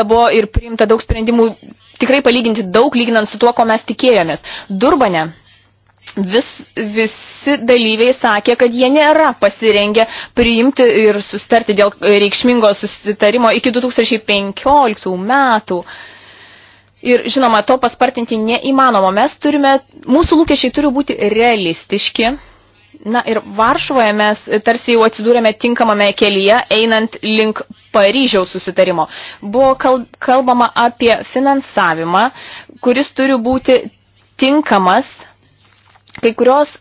padirbta buvo ir priimta daug sprendimų, tikrai palyginti daug, lyginant su tuo, ko mes tikėjomės. Durbane vis, visi dalyviai sakė, kad jie nėra pasirengę priimti ir sustarti dėl reikšmingo susitarimo iki 2015 metų. Ir žinoma, to paspartinti neįmanoma. Mes turime, mūsų lūkesčiai turi būti realistiški. Na ir Varšuvoje mes tarsi jau atsidūrėme tinkamame kelyje, einant link Paryžiaus susitarimo. Buvo kalbama apie finansavimą, kuris turi būti tinkamas. Kai kurios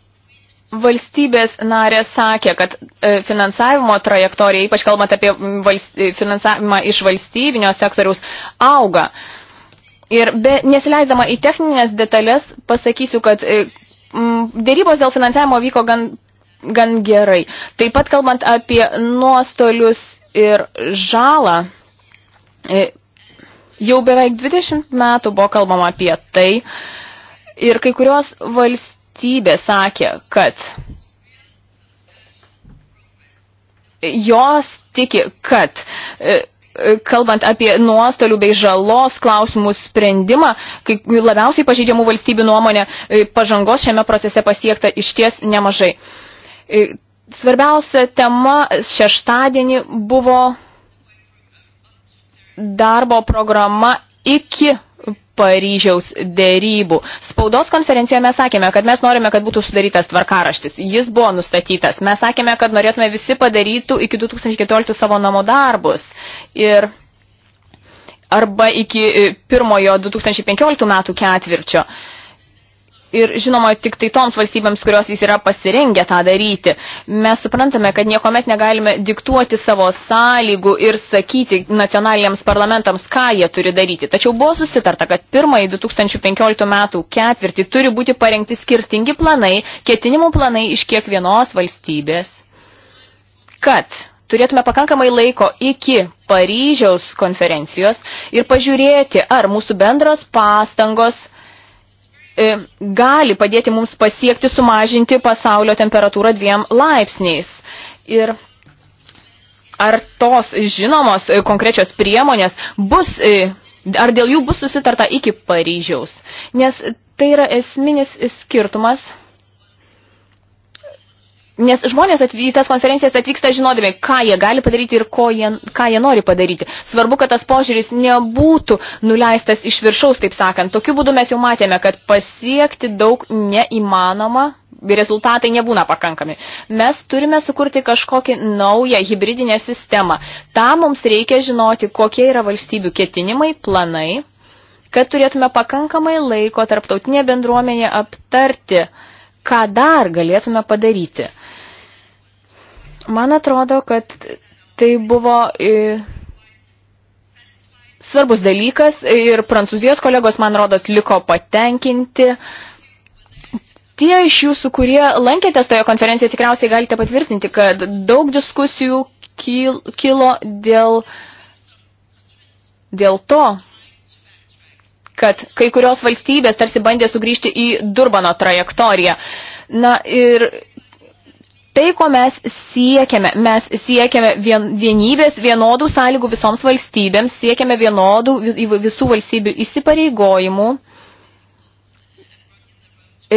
valstybės narės sakė, kad e, finansavimo trajektorija, ypač kalbant apie e, finansavimą iš valstybinio sektoriaus, auga. Ir be, nesileisdama į techninės detalės, pasakysiu, kad e, dėrybos dėl finansavimo vyko gan, gan gerai. Taip pat kalbant apie nuostolius ir žalą. E, jau beveik 20 metų buvo kalbama apie tai ir kai kurios valstybės sakė, kad jos tiki, kad e, e, kalbant apie nuostolių bei žalos klausimų sprendimą, kai labiausiai pažeidžiamų valstybių nuomonė pažangos šiame procese pasiekta išties nemažai. Svarbiausia tema šeštadienį buvo darbo programa iki Paryžiaus dėrybų. Spaudos konferencijoje mes sakėme, kad mes norime, kad būtų sudarytas tvarkaraštis. Jis buvo nustatytas. Mes sakėme, kad norėtume visi padarytų iki 2014 savo namų darbus. Ir arba iki pirmojo 2015 metų ketvirčio ir žinoma tik tai toms valstybėms, kurios jis yra pasirengę tą daryti. Mes suprantame, kad niekuomet negalime diktuoti savo sąlygų ir sakyti nacionaliniams parlamentams, ką jie turi daryti. Tačiau buvo susitarta, kad pirmąjį 2015 metų ketvirtį turi būti parengti skirtingi planai, ketinimų planai iš kiekvienos valstybės. Kad turėtume pakankamai laiko iki Paryžiaus konferencijos ir pažiūrėti, ar mūsų bendros pastangos – E, gali padėti mums pasiekti sumažinti pasaulio temperatūrą dviem laipsniais. Ir ar tos žinomos e, konkrečios priemonės bus, e, ar dėl jų bus susitarta iki Paryžiaus. Nes tai yra esminis skirtumas Nes žmonės atv į tas konferencijas atvyksta žinodami, ką jie gali padaryti ir ko jie, ką jie nori padaryti. Svarbu, kad tas požiūris nebūtų nuleistas iš viršaus, taip sakant. Tokiu būdu mes jau matėme, kad pasiekti daug neįmanoma, rezultatai nebūna pakankami. Mes turime sukurti kažkokį naują hybridinę sistemą. Tam mums reikia žinoti, kokie yra valstybių ketinimai, planai, kad turėtume pakankamai laiko tarptautinė bendruomenė aptarti, ką dar galėtume padaryti. Man atrodo, kad tai buvo e, svarbus dalykas ir prancūzijos kolegos, man rodos, liko patenkinti. Tie iš jūsų, kurie lankėtės toje konferencijoje, tikriausiai galite patvirtinti, kad daug diskusijų kilo dėl, dėl to, kad kai kurios valstybės tarsi bandė sugrįžti į Durbano trajektoriją. Na ir tai, ko mes siekiame. Mes siekiame vien, vienybės, vienodų sąlygų visoms valstybėms, siekiame vienodų visų valstybių įsipareigojimų.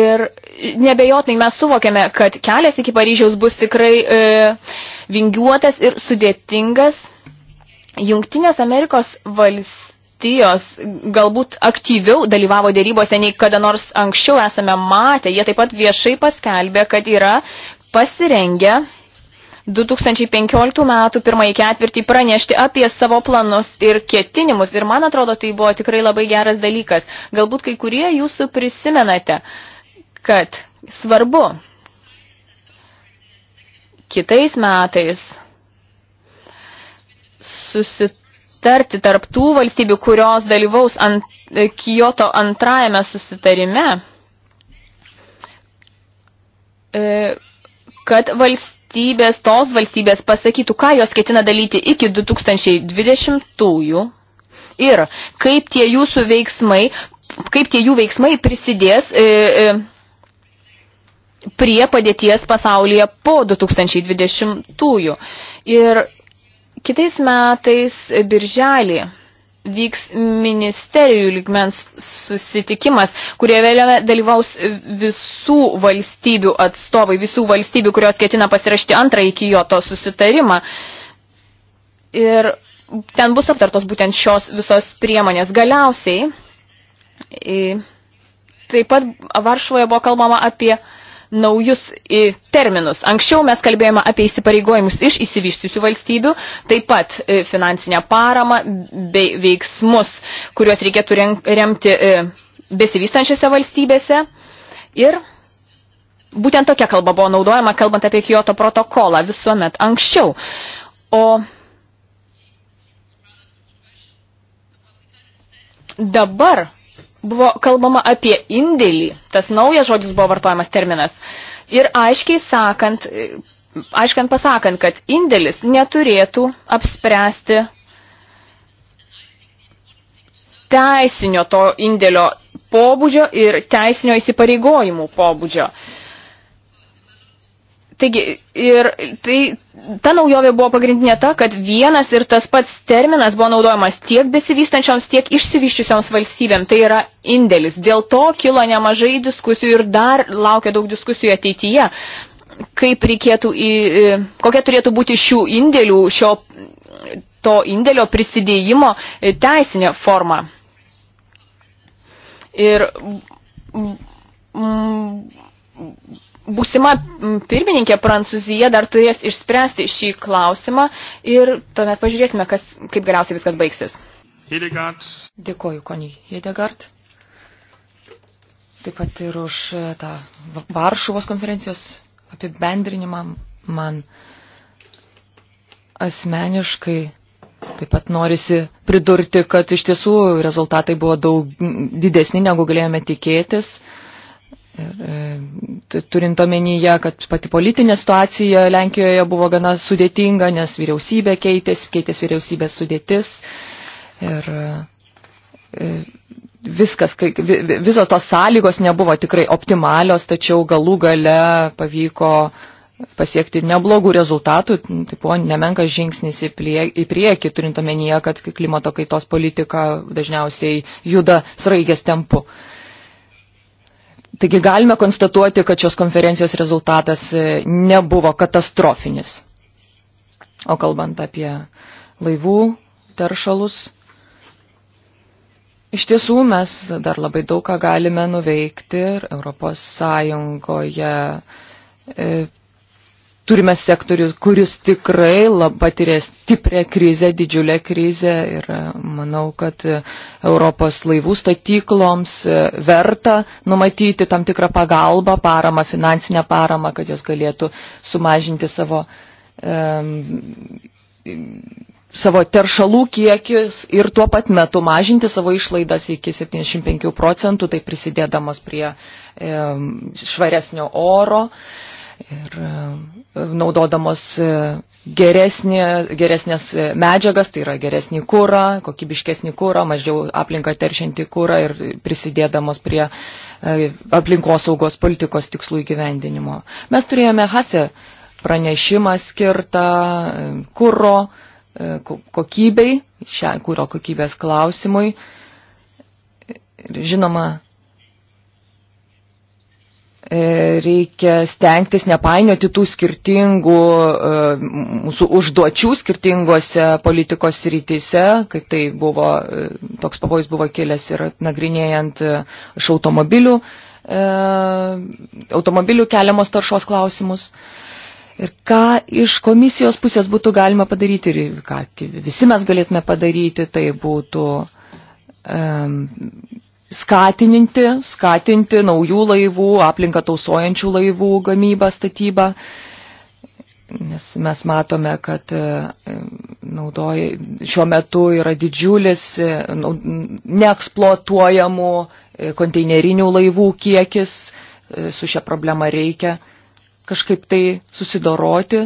Ir nebejotinai mes suvokiame, kad kelias iki Paryžiaus bus tikrai e, vingiuotas ir sudėtingas. Jungtinės Amerikos valstijos galbūt aktyviau dalyvavo dėrybose nei kada nors anksčiau esame matę. Jie taip pat viešai paskelbė, kad yra pasirengę 2015 metų pirmąjį ketvirtį pranešti apie savo planus ir ketinimus. Ir man atrodo, tai buvo tikrai labai geras dalykas. Galbūt kai kurie jūsų prisimenate, kad svarbu kitais metais susitarti tarptų valstybių, kurios dalyvaus ant, Kyoto antrajame susitarime, e, kad valstybės, tos valstybės pasakytų, ką jos ketina dalyti iki 2020-ųjų ir kaip tie jūsų veiksmai, kaip tie jų veiksmai prisidės e, e, prie padėties pasaulyje po 2020-ųjų. Ir kitais metais e, birželį vyks ministerijų lygmens susitikimas, kurie vėliau dalyvaus visų valstybių atstovai, visų valstybių, kurios ketina pasirašyti antrąjį Kijoto susitarimą. Ir ten bus aptartos būtent šios visos priemonės. Galiausiai taip pat Varšuvoje buvo kalbama apie naujus terminus. Anksčiau mes kalbėjome apie įsipareigojimus iš įsivyščiusių valstybių, taip pat e, finansinę paramą bei veiksmus, kuriuos reikėtų remti e, besivystančiose valstybėse. Ir būtent tokia kalba buvo naudojama, kalbant apie Kyoto protokolą visuomet anksčiau. O dabar buvo kalbama apie indėlį, tas naujas žodis buvo vartojamas terminas, ir aiškiai sakant, aiškiai pasakant, kad indėlis neturėtų apspręsti teisinio to indėlio pobūdžio ir teisinio įsipareigojimų pobūdžio. Uh, Taigi, ir tai, ta naujovė buvo pagrindinė ta, kad vienas ir tas pats terminas buvo naudojamas tiek besivystančioms, tiek išsivyščiusioms valstybėm. Tai yra indėlis. Dėl to kilo nemažai diskusijų ir dar laukia daug diskusijų ateityje, kaip reikėtų, į, kokia turėtų būti šių indėlių, šio to indėlio prisidėjimo teisinė forma. Ir mm, būsima pirmininkė Prancūzija dar turės išspręsti šį klausimą ir tuomet pažiūrėsime, kas, kaip galiausiai viskas baigsis. Hildegard. Dėkoju, Konį Hildegard. Taip pat ir už e, tą Varšuvos konferencijos apibendrinimą man asmeniškai taip pat norisi pridurti, kad iš tiesų rezultatai buvo daug didesni, negu galėjome tikėtis. Ir e, turint omenyje, kad pati politinė situacija Lenkijoje buvo gana sudėtinga, nes vyriausybė keitės, keitės vyriausybės sudėtis. Ir e, viskas, visos tos sąlygos nebuvo tikrai optimalios, tačiau galų gale pavyko pasiekti neblogų rezultatų, tai buvo nemenkas žingsnis į, prie, į priekį, turint omenyje, kad klimato kaitos politika dažniausiai juda sraigės tempu. Uh, Taigi galime konstatuoti, kad šios konferencijos rezultatas e, nebuvo katastrofinis. O kalbant apie laivų teršalus, iš tiesų mes dar labai daug ką galime nuveikti ir Europos Sąjungoje e, turime sektorių, kuris tikrai patiria stiprią krizę, didžiulę krizę ir e, manau, kad e, Europos laivų statykloms e, verta numatyti tam tikrą pagalbą, paramą, finansinę paramą, kad jos galėtų sumažinti savo, um, savo teršalų kiekis ir tuo pat metu mažinti savo išlaidas iki 75 procentų, tai prisidėdamos prie um, švaresnio oro. Um, ir e, naudodamos e, geresnė, geresnės e, medžiagas, tai yra geresnį kūrą, kokybiškesnį kūrą, mažiau aplinką teršinti kūrą ir prisidėdamos prie aplinkosaugos politikos tikslų įgyvendinimo. Mes turėjome Hase pranešimą skirtą kūro kokybei, šią kūro kokybės klausimui. Ir žinoma, E, reikia stengtis nepainioti tų skirtingų e, mūsų užduočių skirtingose politikos rytise, kaip tai buvo, e, toks pavojus buvo kilęs ir nagrinėjant iš automobilių, automobilių keliamos taršos klausimus. Ir ką iš komisijos pusės būtų galima padaryti ir ką visi mes galėtume padaryti, tai būtų um, skatinti, skatinti naujų laivų, aplinką tausojančių laivų gamybą, statybą. Nes mes matome, kad e, naudoj, šiuo metu yra didžiulis e, neeksploatuojamų e, konteinerinių laivų kiekis, su šia problema reikia kažkaip tai susidoroti.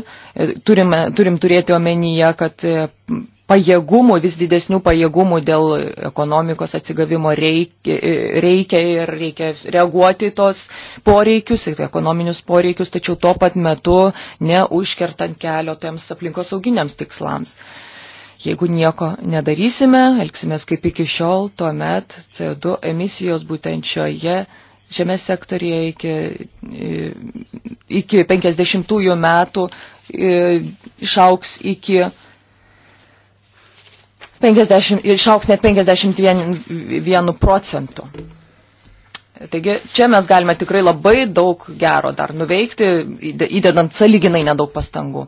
Turime, turim turėti omenyje, kad pajėgumų, vis didesnių pajėgumų dėl ekonomikos atsigavimo reikia, reikia ir reikia reaguoti tos poreikius, ekonominius poreikius, tačiau tuo pat metu neužkertant kelio tiems aplinkosauginiams tikslams. Jeigu nieko nedarysime, elgsimės kaip iki šiol, tuomet CO2 emisijos būtent šioje šiame sektorėje iki, iki 50 metų e, išauks iki 50, išauks net 51 procentų. Taigi čia mes galime tikrai labai daug gero dar nuveikti, įdedant saliginai nedaug pastangų.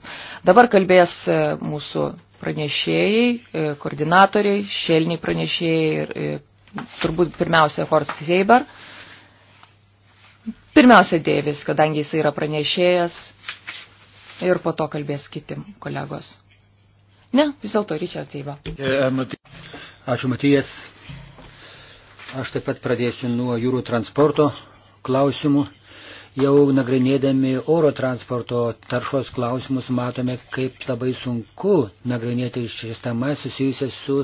Dabar kalbės e, mūsų pranešėjai, e, koordinatoriai, šelniai pranešėjai ir e, turbūt pirmiausia Horst Heiber. Pirmiausia Dėvis, kadangi jis yra pranešėjas ir po to kalbės kiti kolegos. Ne, vis dėlto Richard Zyva. E, e, Ačiū, Matijas. Aš taip pat pradėsiu nuo jūrų transporto klausimų. Jau nagrinėdami oro transporto taršos klausimus matome, kaip labai sunku nagrinėti šis temas susijusias su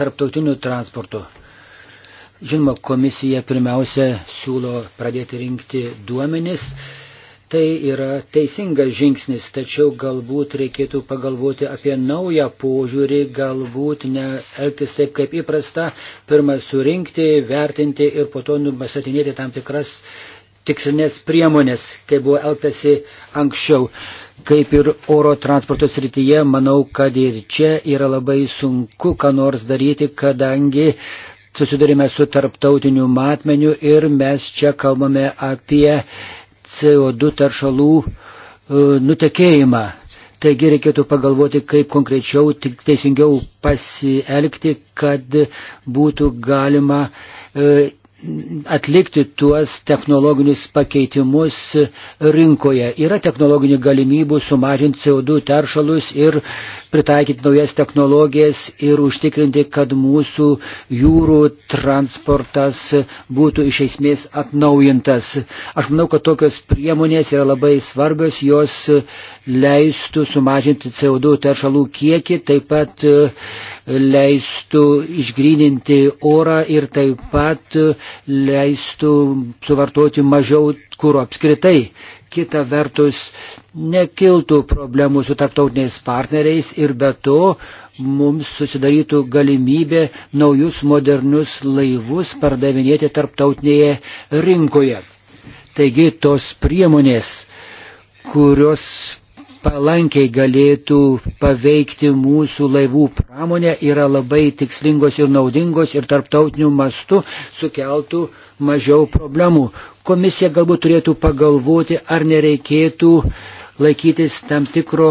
tarptautiniu transportu. Žinoma, komisija pirmiausia siūlo pradėti rinkti duomenis Tai yra teisingas žingsnis, tačiau galbūt reikėtų pagalvoti apie naują požiūrį, galbūt ne elgtis taip kaip įprasta, pirmą surinkti, vertinti ir po to numasatinėti tam tikras tikslinės priemonės, kaip buvo elgtasi anksčiau. Kaip ir oro transporto srityje, manau, kad ir čia yra labai sunku ką nors daryti, kadangi susidurime su tarptautiniu matmeniu ir mes čia kalbame apie CO2 taršalų e, nutekėjimą. Taigi reikėtų pagalvoti, kaip konkrečiau, tik teisingiau pasielgti, kad būtų galima e, atlikti tuos technologinius pakeitimus rinkoje. Yra technologinių galimybų sumažinti CO2 teršalus ir pritaikyti naujas technologijas ir užtikrinti, kad mūsų jūrų transportas būtų iš esmės atnaujintas. Aš manau, kad tokios priemonės yra labai svarbios, jos leistų sumažinti CO2 teršalų kiekį, taip pat e, leistų išgrininti orą ir taip pat e, leistų suvartoti mažiau kūro apskritai kita vertus nekiltų problemų su tarptautiniais partneriais ir be to mums susidarytų galimybė naujus modernius laivus pardavinėti tarptautinėje rinkoje. Taigi tos priemonės, kurios palankiai galėtų paveikti mūsų laivų pramonę, yra labai tikslingos ir naudingos ir tarptautiniu mastu sukeltų mažiau problemų. Komisija galbūt turėtų pagalvoti, ar nereikėtų laikytis tam tikro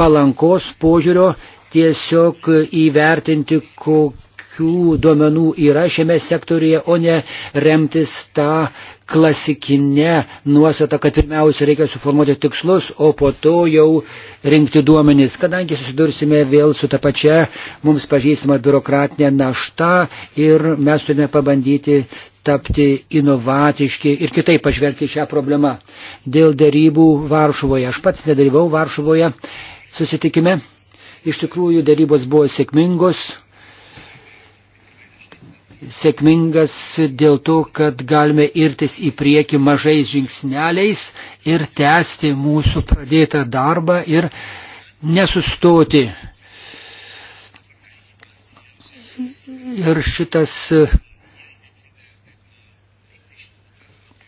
palankos požiūrio, tiesiog įvertinti, kokių duomenų yra šiame sektoriuje, o ne remtis tą klasikinę nuostatą, kad pirmiausia reikia suformuoti tikslus, o po to jau rinkti duomenys, kadangi susidursime vėl su ta pačia mums pažįstama biurokratinė našta ir mes turime pabandyti tapti inovatiški ir kitaip pažvelgti šią problemą. Dėl darybų Varšuvoje. Aš pats nedalyvau Varšuvoje susitikime. Iš tikrųjų, darybos buvo sėkmingos. Sėkmingas dėl to, kad galime irtis į priekį mažais žingsneliais ir tęsti mūsų pradėtą darbą ir nesustoti. Ir šitas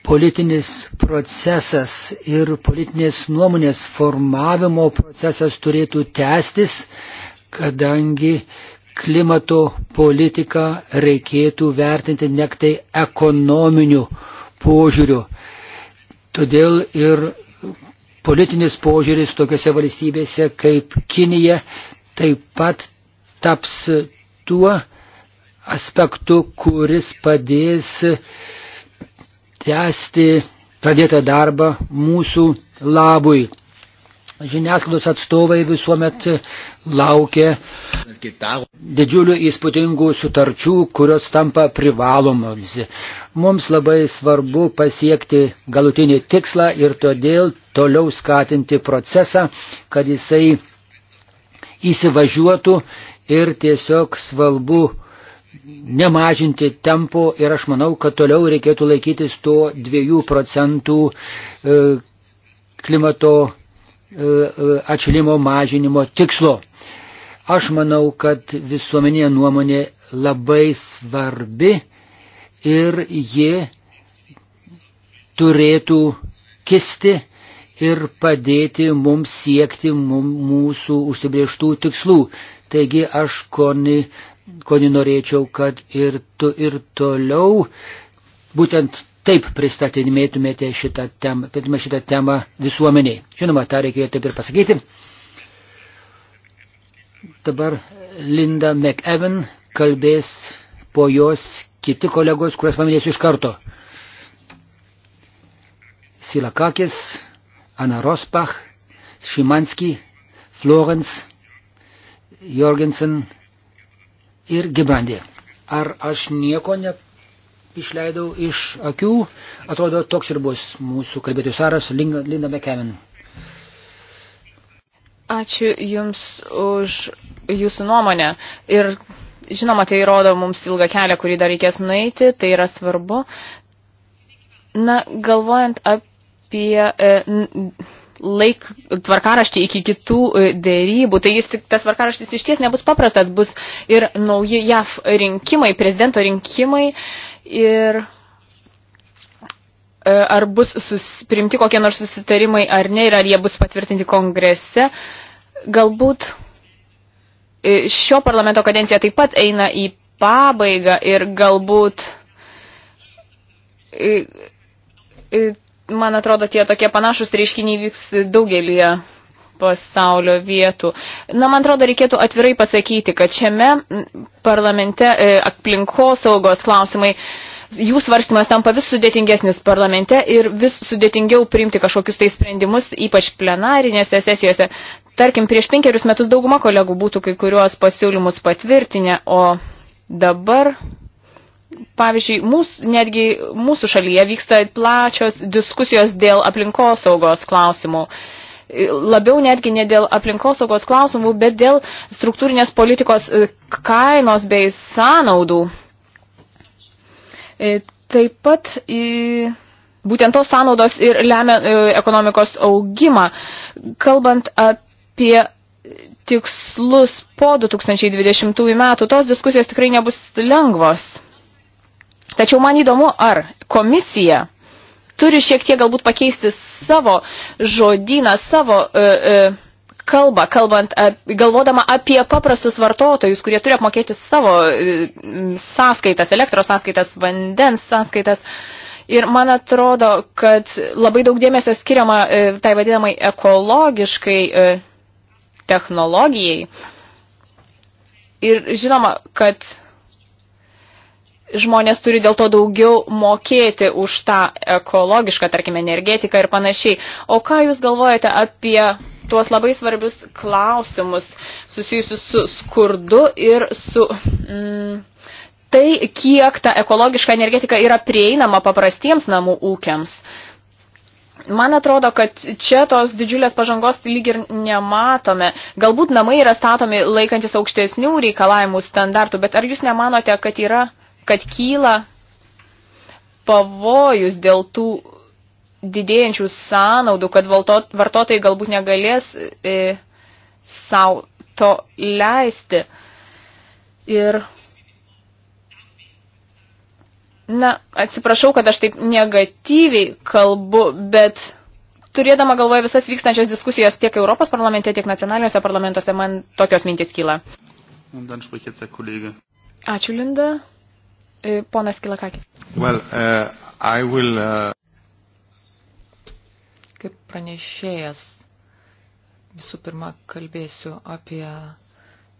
politinis procesas ir politinės nuomonės formavimo procesas turėtų tęstis, kadangi klimato politiką reikėtų vertinti nektai ekonominiu požiūriu. Todėl ir politinis požiūris tokiuose valstybėse kaip Kinija taip pat taps tuo aspektu, kuris padės tęsti pradėtą darbą mūsų labui. Žiniasklaidos atstovai visuomet laukia didžiulių įspūdingų sutarčių, kurios tampa privalomomis. Mums labai svarbu pasiekti galutinį tikslą ir todėl toliau skatinti procesą, kad jisai įsivažiuotų ir tiesiog svarbu nemažinti tempo ir aš manau, kad toliau reikėtų laikytis to 2 procentų e, klimato e, e, atšilimo mažinimo tikslo. Aš manau, kad visuomenė nuomonė labai svarbi ir ji turėtų kisti ir padėti mums siekti mūsų užsibrieštų tikslų. Taigi aš, Koni, koni norėčiau, kad ir tu ir toliau būtent taip pristatinėtumėte šitą temą, šitą temą visuomeniai. Žinoma, tą reikėjo taip ir pasakyti. Dabar Linda McEwen kalbės po jos kiti kolegos, kurias paminėsiu iš karto. Silakakis, Ana Rospach, Šimanski, Florence, Jorgensen, ir Gibrandė. Ar aš nieko ne išleidau iš akių? Atrodo, toks ir bus mūsų kalbėtojų saras Linda Bekemin. Ačiū Jums už Jūsų nuomonę. Ir žinoma, tai rodo mums ilgą kelią, kurį dar reikės nueiti, tai yra svarbu. Na, galvojant apie. E, n, laik tvarkaraštį iki kitų e, dėrybų. Tai jis, tas tvarkaraštis iš ties nebus paprastas, bus ir nauji JAF rinkimai, prezidento rinkimai ir e, ar bus sus, primti kokie nors susitarimai ar ne ir ar jie bus patvirtinti kongrese. Galbūt e, šio parlamento kadencija taip pat eina į pabaigą ir galbūt man atrodo, tie tokie panašus reiškiniai vyks daugelį pasaulio vietų. Na, man atrodo, reikėtų atvirai pasakyti, kad šiame parlamente e, aplinkosaugos klausimai jų svarstymas tampa vis sudėtingesnis parlamente ir vis sudėtingiau priimti kažkokius tai sprendimus, ypač plenarinėse sesijose. Tarkim, prieš penkerius metus dauguma kolegų būtų kai kuriuos pasiūlymus patvirtinę, o dabar Pavyzdžiui, mūsų, netgi mūsų šalyje vyksta plačios diskusijos dėl aplinkosaugos klausimų. Labiau netgi ne dėl aplinkosaugos klausimų, bet dėl struktūrinės politikos e, kainos bei sąnaudų. E, taip pat į... Būtent tos sąnaudos ir lemia e, ekonomikos augimą. Kalbant apie tikslus po 2020 metų, tos diskusijos tikrai nebus lengvos. Tačiau man įdomu, ar komisija turi šiek tiek galbūt pakeisti savo žodyną, savo e, e, kalbą, kalbant, ap, galvodama apie paprastus vartotojus, kurie turi apmokėti savo e, sąskaitas, elektros sąskaitas, vandens sąskaitas. Ir man atrodo, kad labai daug dėmesio skiriama e, tai vadinamai ekologiškai e, technologijai. Ir žinoma, kad žmonės turi dėl to daugiau mokėti už tą ekologišką, tarkime, energetiką ir panašiai. O ką Jūs galvojate apie tuos labai svarbius klausimus susijusius su skurdu ir su... Mm, tai, kiek ta ekologiška energetika yra prieinama paprastiems namų ūkiams. Man atrodo, kad čia tos didžiulės pažangos lyg ir nematome. Galbūt namai yra statomi laikantis aukštesnių reikalavimų standartų, bet ar jūs nemanote, kad yra kad kyla pavojus dėl tų didėjančių sąnaudų, kad vartotojai galbūt negalės e, savo to leisti. Ir, na, atsiprašau, kad aš taip negatyviai kalbu, bet turėdama galvoje visas vykstančias diskusijas tiek Europos parlamente, tiek nacionaliniuose parlamentuose, man tokios mintis kyla. Ačiū, Linda. E, ponas Kilakakis. Well, uh, I will, uh... Kaip pranešėjas, visų pirma, kalbėsiu apie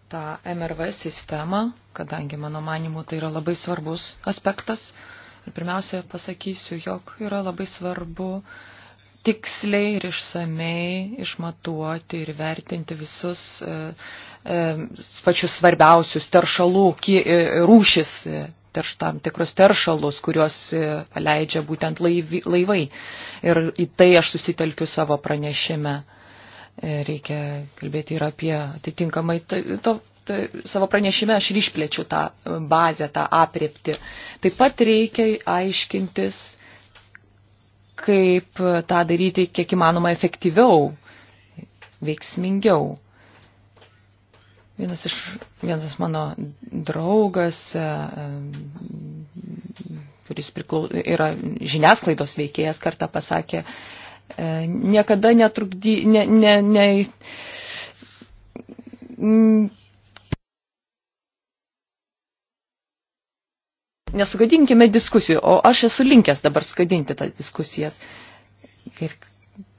tą MRV sistemą, kadangi mano manimu tai yra labai svarbus aspektas. Ir pirmiausia, pasakysiu, jog yra labai svarbu tiksliai ir išsamei išmatuoti ir vertinti visus e, e, pačius svarbiausius teršalų kie, e, rūšis terš, tam tikrus teršalus, kuriuos e, leidžia būtent laivi, laivai. Ir į tai aš susitelkiu savo pranešime. E, reikia kalbėti ir apie atitinkamai tai, to, to, tai to, savo pranešime aš išplėčiu tą e, bazę, tą apriepti. Taip pat reikia aiškintis, kaip tą daryti kiek įmanoma efektyviau, veiksmingiau Vienas, iš, vienas mano draugas, e, kuris priklau, yra žiniasklaidos veikėjas, kartą pasakė, e, niekada netrukdy, ne, ne, ne, nesugadinkime diskusijų, o aš esu linkęs dabar sugadinti tas diskusijas. Ir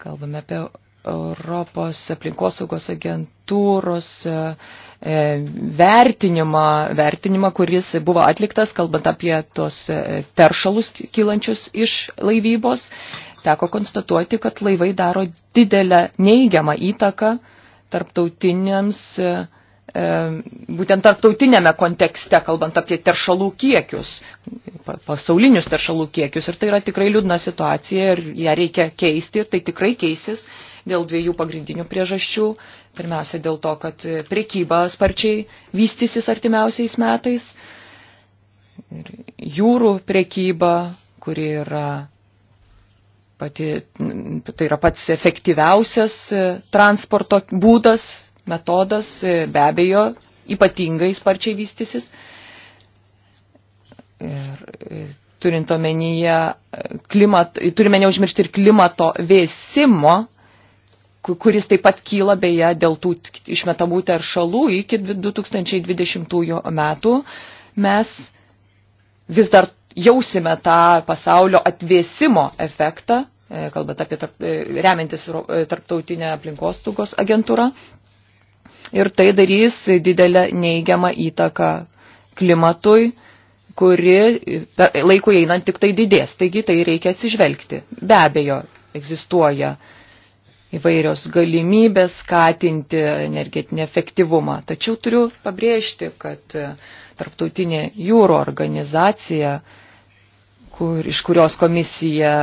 kalbame apie Europos aplinkosaugos agentūros e, e, vertinimą, vertinimą, kuris buvo atliktas, kalbant apie tos e, teršalus kylančius iš laivybos, teko konstatuoti, kad laivai daro didelę neigiamą įtaką tarptautiniams, būtent tarptautinėme kontekste, kalbant apie teršalų kiekius, pasaulinius teršalų kiekius. Ir tai yra tikrai liūdna situacija ir ją reikia keisti ir tai tikrai keisis dėl dviejų pagrindinių priežasčių. Pirmiausia, dėl to, kad priekyba sparčiai vystysis artimiausiais metais. Ir jūrų priekyba, kuri yra pati, tai yra pats efektyviausias e, transporto būdas, metodas, e, be abejo, ypatingai sparčiai vystysis. Ir e, turint omenyje, klimat, turime neužmiršti ir klimato vėsimo kuris taip pat kyla beje dėl tų išmetamų teršalų iki 2020 metų, mes vis dar jausime tą pasaulio atvėsimo efektą, e, kalbant apie tarp, e, remiantis e, tarptautinę aplinkostaugos agentūrą. Ir tai darys didelę neigiamą įtaką klimatui, kuri laiku einant tik tai didės. Taigi tai reikia atsižvelgti. Be abejo, egzistuoja uh, įvairios galimybės skatinti energetinį efektyvumą. Tačiau turiu pabrėžti, kad e, Tarptautinė jūro organizacija, kur, iš kurios komisija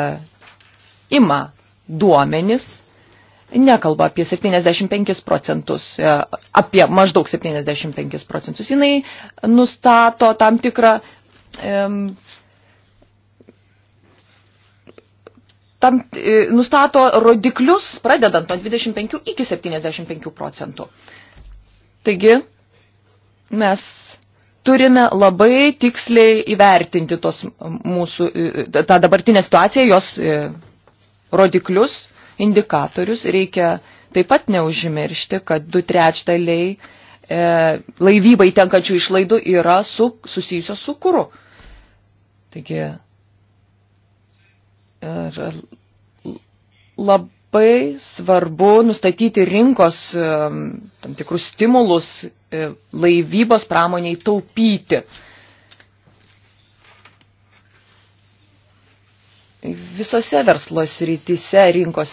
ima duomenis, nekalba apie 75 procentus, e, apie maždaug 75 procentus. Jinai nustato tam tikrą tam e, nustato rodiklius, pradedant nuo 25 iki 75 procentų. Taigi, mes turime labai tiksliai įvertinti tos mūsų, e, tą dabartinę situaciją, jos e, rodiklius, indikatorius. Reikia taip pat neužmiršti, kad du trečdaliai e, laivybai tenkančių išlaidų yra su, susijusios su kūru. Taigi Ir labai svarbu nustatyti rinkos tam tikrus stimulus e, laivybos pramoniai taupyti. Tai visose verslos rytise rinkos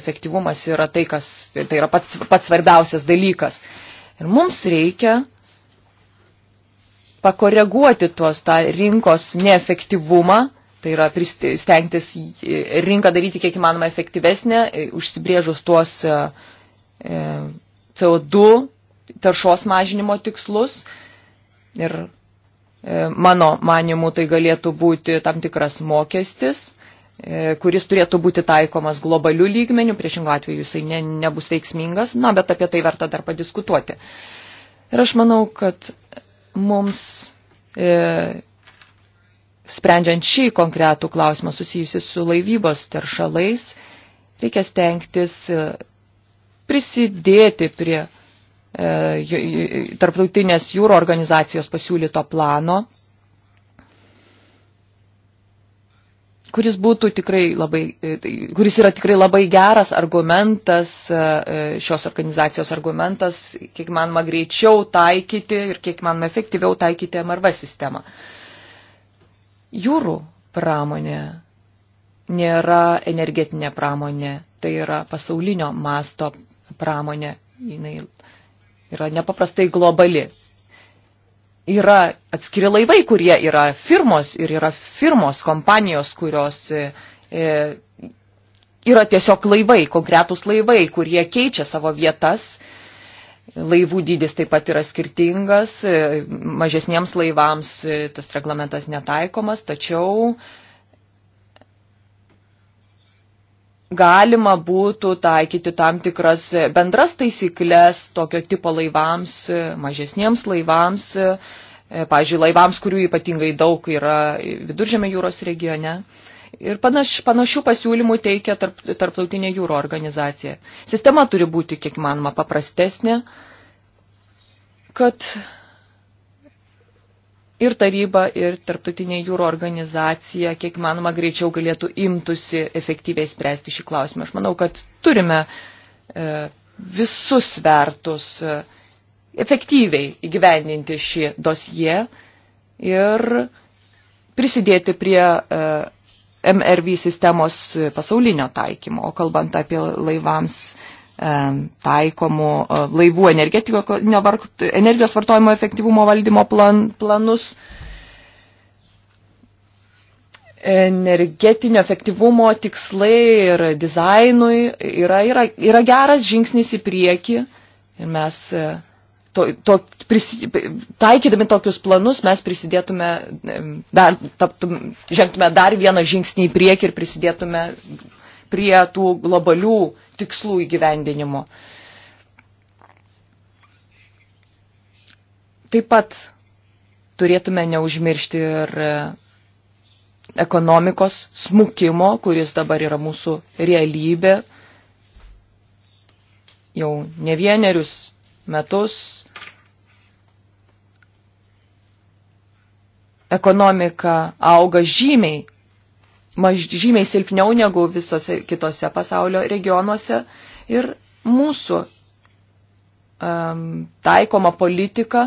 efektyvumas yra tai, kas, tai yra pats, pats svarbiausias dalykas. Ir mums reikia pakoreguoti tuos tą rinkos neefektyvumą Tai yra stengtis rinką daryti kiek įmanoma efektyvesnė, e, užsibrėžus tuos e, e, CO2 taršos mažinimo tikslus. Ir mano manimu tai galėtų būti tam tikras mokestis, kuris turėtų būti taikomas globalių lygmenių, priešingų atveju jisai ne, nebus veiksmingas, na, bet apie tai verta dar padiskutuoti. Ir aš manau, kad mums e, sprendžiant šį konkretų klausimą susijusi su laivybos teršalais, reikia stengtis e, prisidėti prie e, tarptautinės jūro organizacijos pasiūlyto plano, kuris būtų tikrai labai, e, tai, kuris yra tikrai labai geras argumentas, e, šios organizacijos argumentas, kiek manoma greičiau taikyti ir kiek manoma efektyviau taikyti MRV sistemą. E, Jūrų pramonė nėra energetinė pramonė, tai yra pasaulinio masto pramonė, jinai yra nepaprastai globali. Yra atskiri laivai, kurie yra firmos ir yra firmos kompanijos, kurios e, e yra tiesiog laivai, konkretūs laivai, kurie keičia savo vietas Laivų dydis taip pat yra skirtingas, e, mažesniems laivams e, tas reglamentas netaikomas, tačiau galima būtų taikyti tam tikras bendras taisyklės tokio tipo laivams, e, mažesniems laivams, pažiūrėjau, laivams, kurių ypatingai daug yra viduržėme jūros regione. Ir panaš, panašių pasiūlymų teikia tarp, tarptautinė jūro organizacija. Sistema turi būti, kiek manoma, paprastesnė, kad ir taryba, ir tarptautinė jūro organizacija, kiek manoma, greičiau galėtų imtusi efektyviai spręsti šį klausimą. Aš manau, kad turime e, visus vertus e, efektyviai įgyvendinti šį dosje ir prisidėti prie e, MRV sistemos pasaulinio taikymo. O kalbant apie laivams e, taikomų e, laivų energijos vartojimo efektyvumo valdymo plan, planus, energetinio efektyvumo tikslai ir dizainui yra, yra, yra geras žingsnis į priekį ir mes e, to, to, prisi, taikydami tokius planus mes prisidėtume, dar, taptum, žengtume dar vieną žingsnį į priekį ir prisidėtume prie tų globalių tikslų įgyvendinimo. Taip pat turėtume neužmiršti ir ekonomikos smukimo, kuris dabar yra mūsų realybė jau ne vienerius metus ekonomika auga žymiai, maž, žymiai silpniau negu visose kitose pasaulio regionuose ir mūsų um, taikoma politika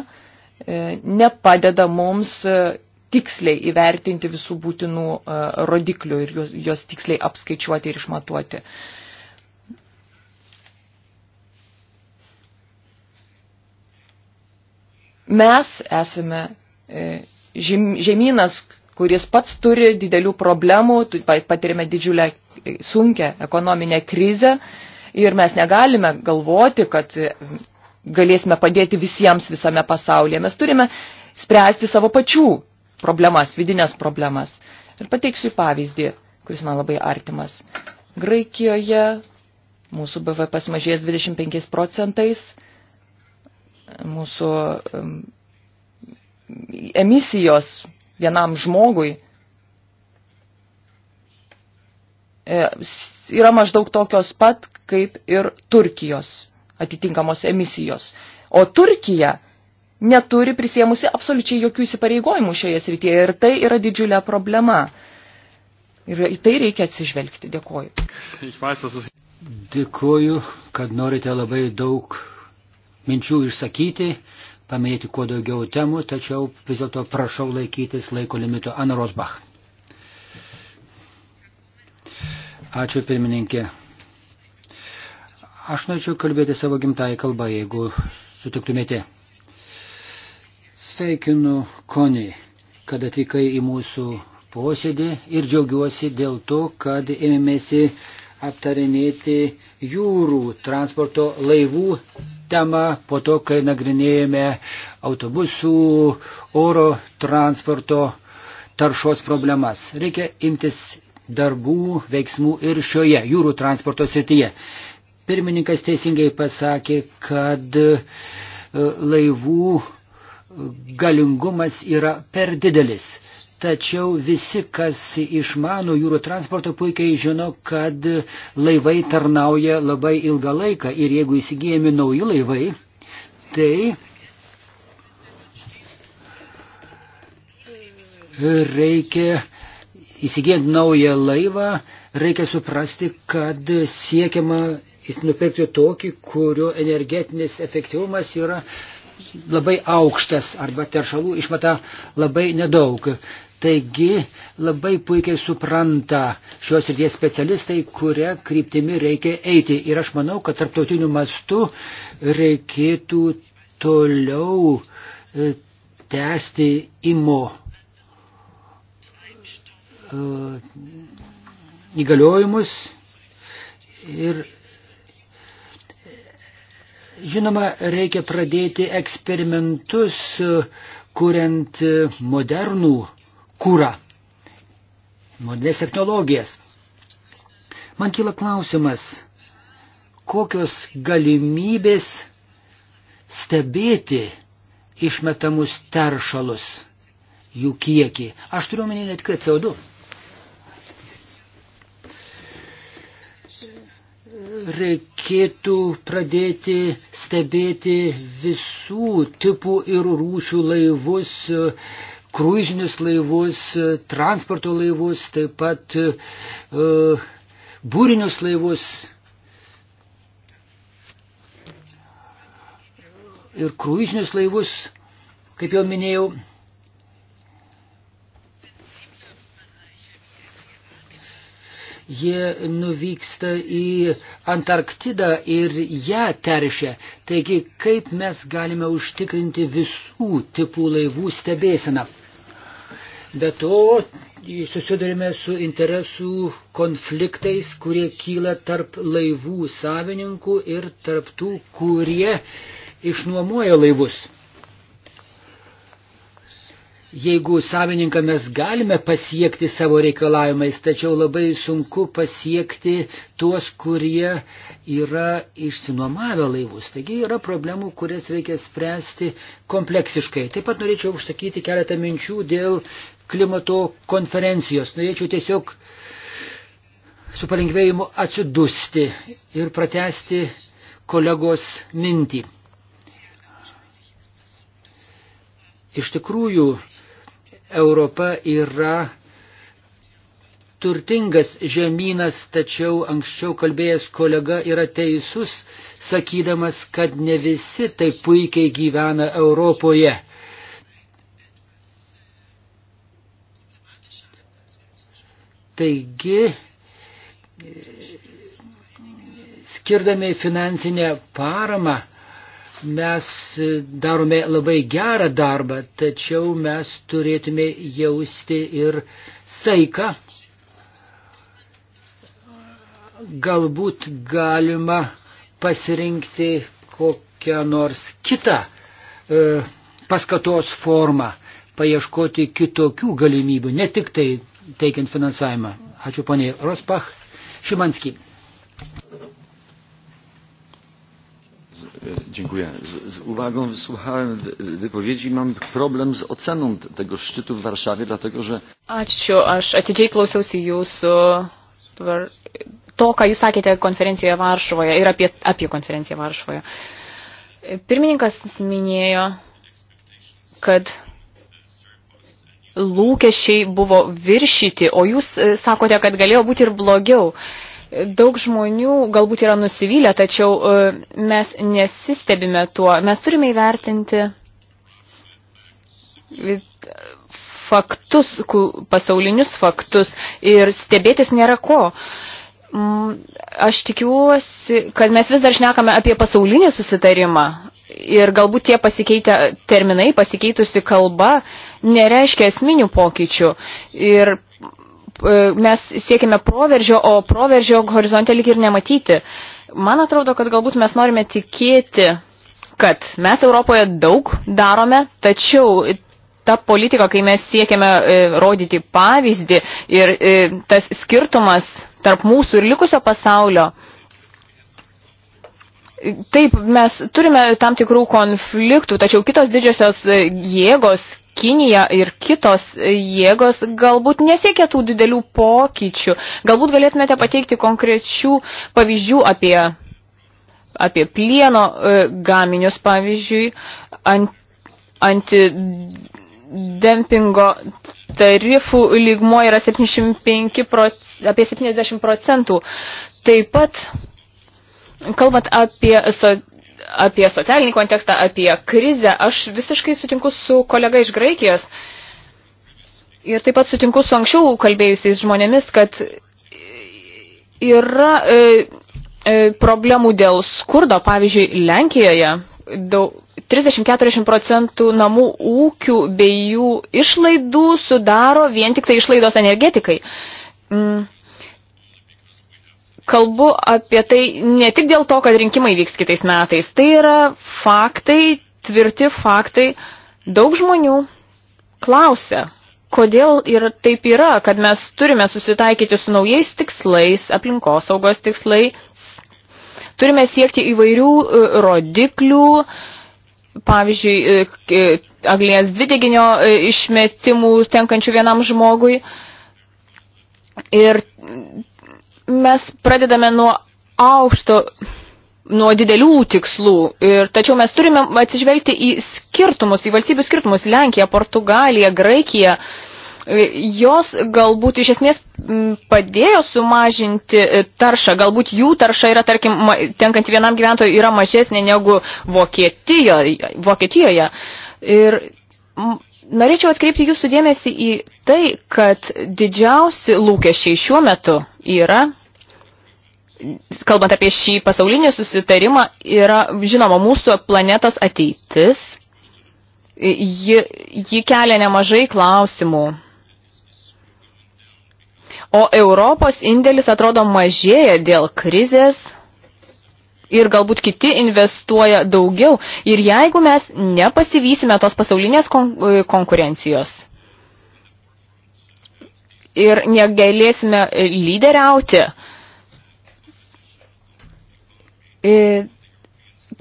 e, nepadeda mums e, tiksliai įvertinti visų būtinų e, rodiklių ir juos, juos tiksliai apskaičiuoti ir išmatuoti. E, Mes esame e, žemynas, kuris pats turi didelių problemų, patirime didžiulę e, sunkę ekonominę krizę ir mes negalime galvoti, kad e, galėsime padėti visiems visame pasaulyje. Mes turime spręsti savo pačių problemas, vidinės problemas. Ir pateiksiu pavyzdį, kuris man labai artimas. Graikijoje mūsų BVP sumažės 25 procentais, mūsų emisijos vienam žmogui e, yra maždaug tokios pat kaip ir Turkijos atitinkamos emisijos. O Turkija neturi prisėmusi absoliučiai jokių įsipareigojimų šioje srityje ir tai yra didžiulė problema. Ir į tai reikia atsižvelgti. Dėkoju. Dėkoju, kad norite labai daug minčių išsakyti, paminėti kuo daugiau temų, tačiau vis dėlto prašau laikytis laiko limito Ana Rosbach. Ačiū pirmininkė. Aš norėčiau kalbėti savo gimtąją kalbą, jeigu sutiktumėte. Sveikinu Koni, kad atvykai į mūsų posėdį ir džiaugiuosi dėl to, kad ėmėsi aptarinėti jūrų transporto laivų temą, po to, kai nagrinėjame autobusų, oro transporto taršos problemas. Reikia imtis darbų, veiksmų ir šioje jūrų transporto srityje. Pirmininkas teisingai pasakė, kad e, laivų galingumas yra per didelis. Tačiau visi, kas išmano jūrų transportą, puikiai žino, kad laivai tarnauja labai ilgą laiką ir jeigu įsigijami nauji laivai, tai reikia įsigijant naują laivą, reikia suprasti, kad siekiama nupirkti tokį, kurio energetinis efektyvumas yra labai aukštas arba teršalų išmeta labai nedaug. Taigi labai puikiai supranta šios ryties specialistai, kuria kryptimi reikia eiti. Ir aš manau, kad tarptautiniu mastu reikėtų toliau e, tęsti imo e, įgaliojimus ir žinoma reikia pradėti eksperimentus, kuriant modernų kūrą, modernės technologijas. Man kyla klausimas, kokios galimybės stebėti išmetamus teršalus, jų kiekį. Aš turiu omeny ne tik CO2. Reikėtų pradėti stebėti visų tipų ir rūšių laivus, kruizinius laivus, e, transporto laivus, taip pat uh, būrinius laivus. Ir kruizinius laivus, kaip jau minėjau, jie nuvyksta į Antarktidą ir ją teršia. Taigi, kaip mes galime užtikrinti visų tipų laivų stebėseną? Be to, susidurime su interesų konfliktais, kurie kyla tarp laivų savininkų ir tarp tų, kurie išnuomoja laivus. Jeigu savininką mes galime pasiekti savo reikalavimais, tačiau labai sunku pasiekti tuos, kurie yra išsinuomavę laivus. Taigi yra problemų, kurias reikia spręsti kompleksiškai. Taip pat norėčiau užsakyti keletą minčių dėl klimato konferencijos. Norėčiau tiesiog su palengvėjimu atsidusti ir pratesti kolegos mintį. Iš tikrųjų, Europa yra turtingas žemynas, tačiau anksčiau kalbėjęs kolega yra teisus, sakydamas, kad ne visi taip puikiai gyvena Europoje. Taigi, skirdami finansinę paramą, mes darome labai gerą darbą, tačiau mes turėtume jausti ir saiką. Galbūt galima pasirinkti kokią nors kitą e, paskatos formą, paieškoti kitokių galimybių, ne tik tai teikiant finansavimą. Ačiū poniai Rospach. Šimanski. Dziękuję. Z, z uwagą wysłuchałem wypowiedzi. Mam problem z oceną tego szczytu w Warszawie, dlatego że... Ačiū. Aš atidžiai klausiausi jūsų to, ką jūs sakėte konferencijoje Varšuvoje ir apie, apie konferenciją Varšuvoje. Pirmininkas minėjo, kad lūkesčiai buvo viršyti, o jūs e, sakote, kad galėjo būti ir blogiau. Daug žmonių galbūt yra nusivylę, tačiau e, mes nesistebime tuo. Mes turime įvertinti faktus, pasaulinius faktus ir stebėtis nėra ko. Mm, aš tikiuosi, kad mes vis dar šnekame apie pasaulinį susitarimą, ir galbūt tie pasikeitę terminai, pasikeitusi kalba, nereiškia esminių pokyčių. Ir e, mes siekime proveržio, o proveržio horizonte lyg ir nematyti. Man atrodo, kad galbūt mes norime tikėti, kad mes Europoje daug darome, tačiau ta politika, kai mes siekiame e, rodyti pavyzdį ir e, tas skirtumas tarp mūsų ir likusio pasaulio, e, Taip, mes turime tam tikrų konfliktų, tačiau kitos didžiosios jėgos, Kinija ir kitos jėgos galbūt nesiekia tų didelių pokyčių. Galbūt galėtumėte pateikti konkrečių pavyzdžių apie, apie plieno e, gaminius, pavyzdžiui, ant, antidempingo tarifų lygmo yra 75 proc, apie 70 procentų. Taip pat Kalbant apie, so, apie socialinį kontekstą, apie krizę, aš visiškai sutinku su kolega iš Graikijos ir taip pat sutinku su anksčiau kalbėjusiais žmonėmis, kad yra e, e, problemų dėl skurdo, pavyzdžiui, Lenkijoje. Daug, 30-40 procentų namų ūkių bei jų išlaidų sudaro vien tik tai išlaidos energetikai. Mm kalbu apie tai ne tik dėl to, kad rinkimai vyks kitais metais. Tai yra faktai, tvirti faktai. Daug žmonių klausia, kodėl ir taip yra, kad mes turime susitaikyti su naujais tikslais, aplinkosaugos tikslais. Turime siekti įvairių e, rodiklių, pavyzdžiui, e, e, anglės dvideginio išmetimų tenkančių vienam žmogui. Ir mes pradedame nuo aukšto, nuo didelių tikslų. Ir, tačiau mes turime atsižvelgti į skirtumus, į valstybių skirtumus. Lenkija, Portugalija, Graikija. Jos galbūt iš esmės padėjo sumažinti e, taršą. Galbūt jų tarša yra, tarkim, tenkant vienam gyventojui yra mažesnė negu Vokietijoje. Vokietijoje. Ir norėčiau atkreipti jūsų dėmesį į tai, kad didžiausi lūkesčiai šiuo metu yra kalbant apie šį pasaulinį susitarimą, yra žinoma mūsų planetos ateitis. Ji, ji kelia nemažai klausimų. O Europos indėlis atrodo mažėja dėl krizės ir galbūt kiti investuoja daugiau. Ir jeigu mes nepasivysime tos pasaulinės kon e, konkurencijos ir negalėsime lyderiauti, E,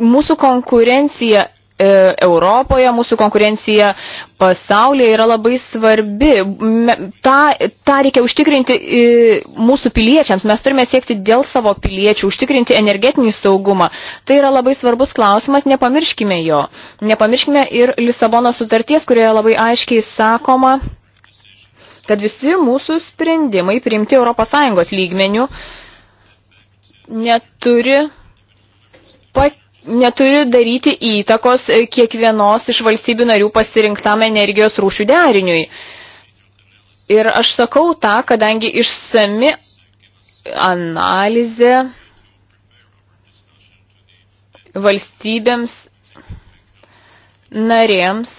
mūsų konkurencija e, Europoje, mūsų konkurencija pasaulyje yra labai svarbi. Ta, ta reikia užtikrinti e, mūsų piliečiams. Mes turime siekti dėl savo piliečių, užtikrinti energetinį saugumą. Tai yra labai svarbus klausimas, nepamirškime jo. Nepamirškime ir Lisabono sutarties, kurioje labai aiškiai sakoma, kad visi mūsų sprendimai priimti ES lygmenių neturi pat neturi daryti įtakos e, kiekvienos iš valstybių narių pasirinktam energijos rūšių deriniui. Ir aš sakau tą, kadangi išsami analizė valstybėms narėms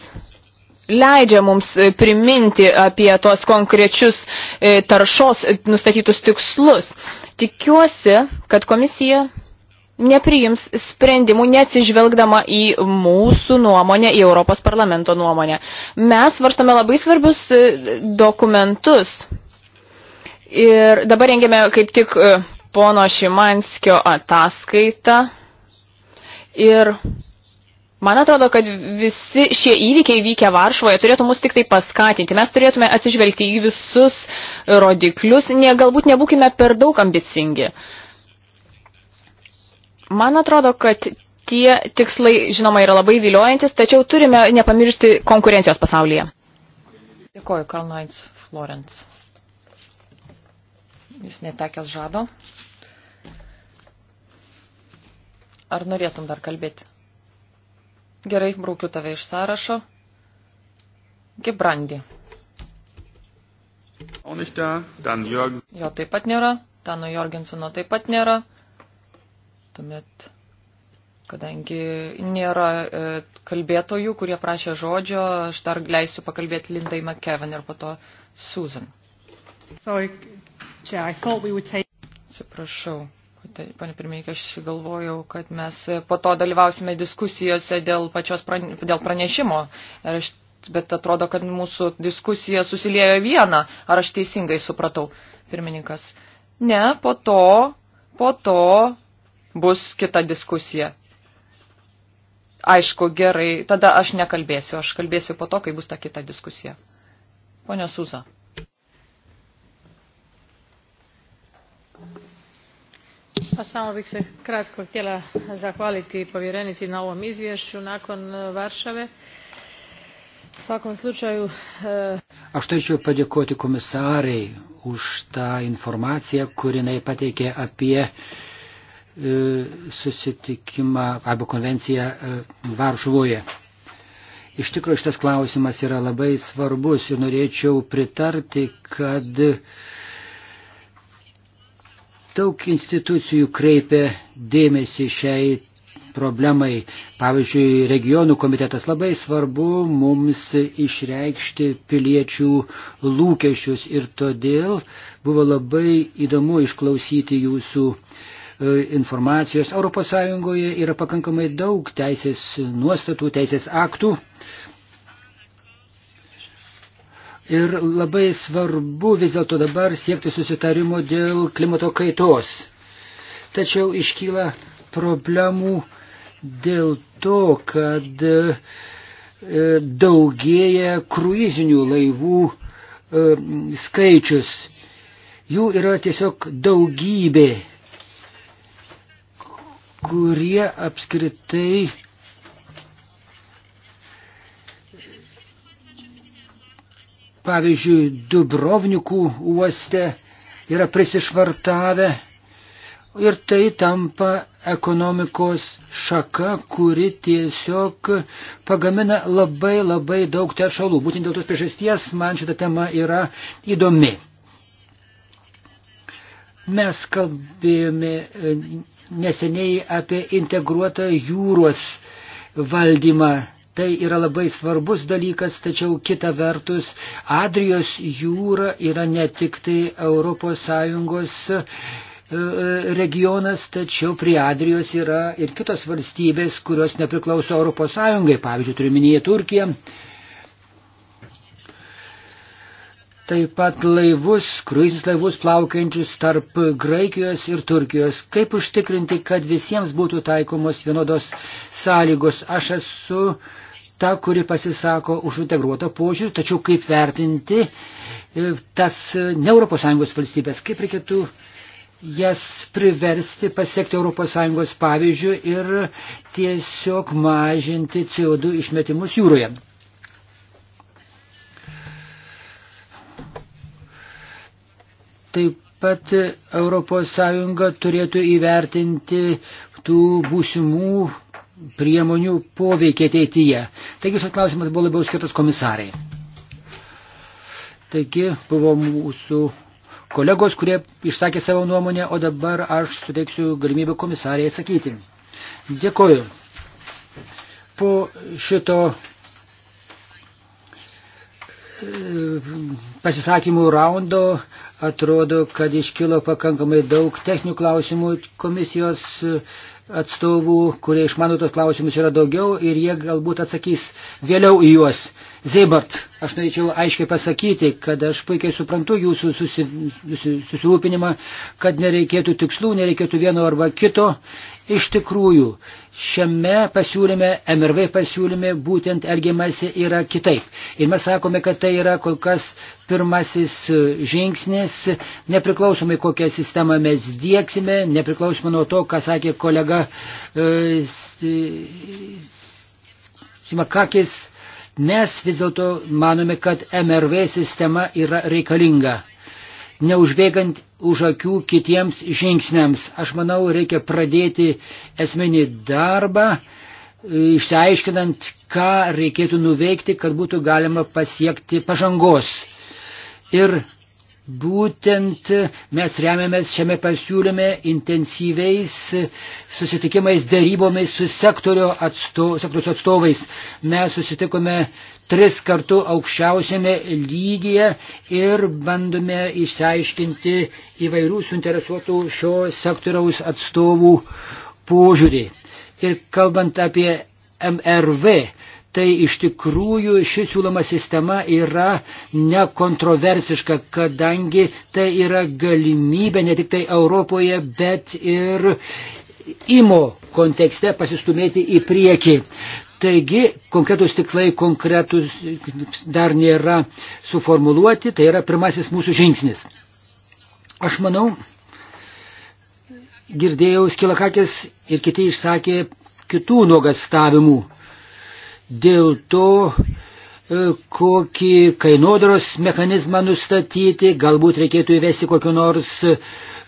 leidžia mums priminti apie tos konkrečius e, taršos nustatytus tikslus. Tikiuosi, kad komisija nepriims sprendimų neatsižvelgdama į mūsų nuomonę, į Europos parlamento nuomonę. Mes svarstame labai svarbius e, dokumentus. Ir dabar rengiame kaip tik e, pono Šimanskio ataskaitą. Ir Man atrodo, kad visi šie įvykiai vykę Varšuvoje turėtų mus tik tai paskatinti. Mes turėtume atsižvelgti į visus rodiklius, ne, galbūt nebūkime per daug ambicingi. Uh, Man atrodo, kad tie tikslai, žinoma, yra labai viliojantis, tačiau turime nepamiršti konkurencijos pasaulyje. Dėkoju, Karlnaits Florence. Jis netekęs žado. Ar norėtum dar kalbėti? Gerai, braukiu tave iš sąrašo. Gibrandi. Jo taip pat nėra, Tano Jorgensino taip pat nėra. Tuomet, kadangi nėra e, kalbėtojų, kurie prašė žodžio, aš dar leisiu pakalbėti Lindai McKevin ir po to Susan. Sorry, Chair, I thought we would take... Atsiprašau. Tai, pane pirmininkė, aš galvojau, kad mes po to dalyvausime diskusijose dėl, pačios prane, dėl pranešimo. Ir aš, bet atrodo, kad mūsų diskusija susilėjo vieną. Ar aš teisingai supratau, pirmininkas? Ne, po to, po to bus kita diskusija. Aišku, gerai, tada aš nekalbėsiu, aš kalbėsiu po to, kai bus ta kita diskusija. Pone Suza. Pa samo bih se kratko htjela zahvaliti povjerenici na ovom izvješću nakon e, Varšave. U svakom slučaju... E... Aš tačiau padėkoti komisarai už tą informaciją, kuri jinai pateikė apie uh, E, susitikimą arba konvenciją e, Varšuvoje. Iš tikrųjų šitas klausimas yra labai svarbus ir norėčiau pritarti, kad daug institucijų kreipia dėmesį šiai problemai. Pavyzdžiui, regionų komitetas labai svarbu mums išreikšti piliečių lūkesčius ir todėl buvo labai įdomu išklausyti jūsų uh, E, informacijos. ES yra pakankamai daug teisės nuostatų, teisės aktų. Ir labai svarbu vis dėlto dabar siekti susitarimo dėl klimato kaitos. Tačiau iškyla problemų dėl to, kad e, daugėja kruizinių laivų e, skaičius. Jų yra tiesiog daugybė kurie apskritai pavyzdžiui, Dubrovnikų uoste yra prisišvartavę ir tai tampa ekonomikos šaka, kuri tiesiog pagamina labai labai daug teršalų. Būtent dėl tos priežasties man šita tema yra įdomi. Mes kalbėjome neseniai apie integruotą jūros valdymą. Tai yra labai svarbus dalykas, tačiau kita vertus Adrijos jūra yra ne tik tai ES e, e, regionas, tačiau prie Adrijos yra ir kitos valstybės, kurios nepriklauso ES, pavyzdžiui, turiu minėję Turkiją. taip pat laivus, kruizinius laivus plaukiančius tarp Graikijos ir Turkijos. Kaip užtikrinti, kad visiems būtų taikomos vienodos sąlygos? Aš esu ta, kuri pasisako už integruotą požiūrį, tačiau kaip vertinti e, tas ne ES valstybės, kaip reikėtų jas priversti pasiekti ES pavyzdžių ir tiesiog mažinti CO2 išmetimus jūroje. Taip pat ES turėtų įvertinti tų būsimų priemonių poveikį ateityje. Taigi šis klausimas buvo labiau skirtas komisarai. Taigi buvo mūsų kolegos, kurie išsakė savo nuomonę, o dabar aš suteiksiu galimybę komisariai atsakyti. Dėkoju. Po šito e, pasisakymų raundo atrodo, kad iškilo pakankamai daug techninių klausimų komisijos e, atstovų, kurie išmano tos klausimus yra daugiau ir jie galbūt atsakys vėliau į juos. Zeibart, aš norėčiau aiškiai pasakyti, kad aš puikiai suprantu jūsų susi, susi, susirūpinimą, kad nereikėtų tikslų, nereikėtų vieno arba kito. Iš tikrųjų, šiame pasiūlyme, MRV pasiūlyme, būtent elgiamasi yra kitaip. Ir mes sakome, kad tai yra kol kas pirmasis žingsnis, nepriklausomai kokią sistemą mes dieksime, nepriklausomai nuo to, ką sakė kolega e, Simakakis. E, Mes vis dėlto manome, kad MRV sistema yra reikalinga, neužbėgant už akių kitiems žingsniams. Aš manau, reikia pradėti esminį darbą, e, išsiaiškinant, ką reikėtų nuveikti, kad būtų galima pasiekti pažangos. Ir Būtent mes remiamės šiame pasiūlyme intensyviais susitikimais, darybomis su sektorio atsto, sektoriaus atstovais. Mes susitikome tris kartų aukščiausiame lygyje ir bandome išsiaiškinti įvairių suinteresuotų šio sektoriaus atstovų požiūrį. Ir kalbant apie MRV, tai iš tikrųjų ši siūloma sistema yra nekontroversiška, kadangi tai yra galimybė ne tik tai Europoje, bet ir įmo kontekste pasistumėti į priekį. Taigi, konkretus tiklai konkretus dar nėra suformuluoti, tai yra pirmasis mūsų žingsnis. Aš manau, girdėjau, Skilakakis ir kiti išsakė kitų nuogastavimų dėl to, e, kokį kainodaros mechanizmą nustatyti, galbūt reikėtų įvesti kokį nors e,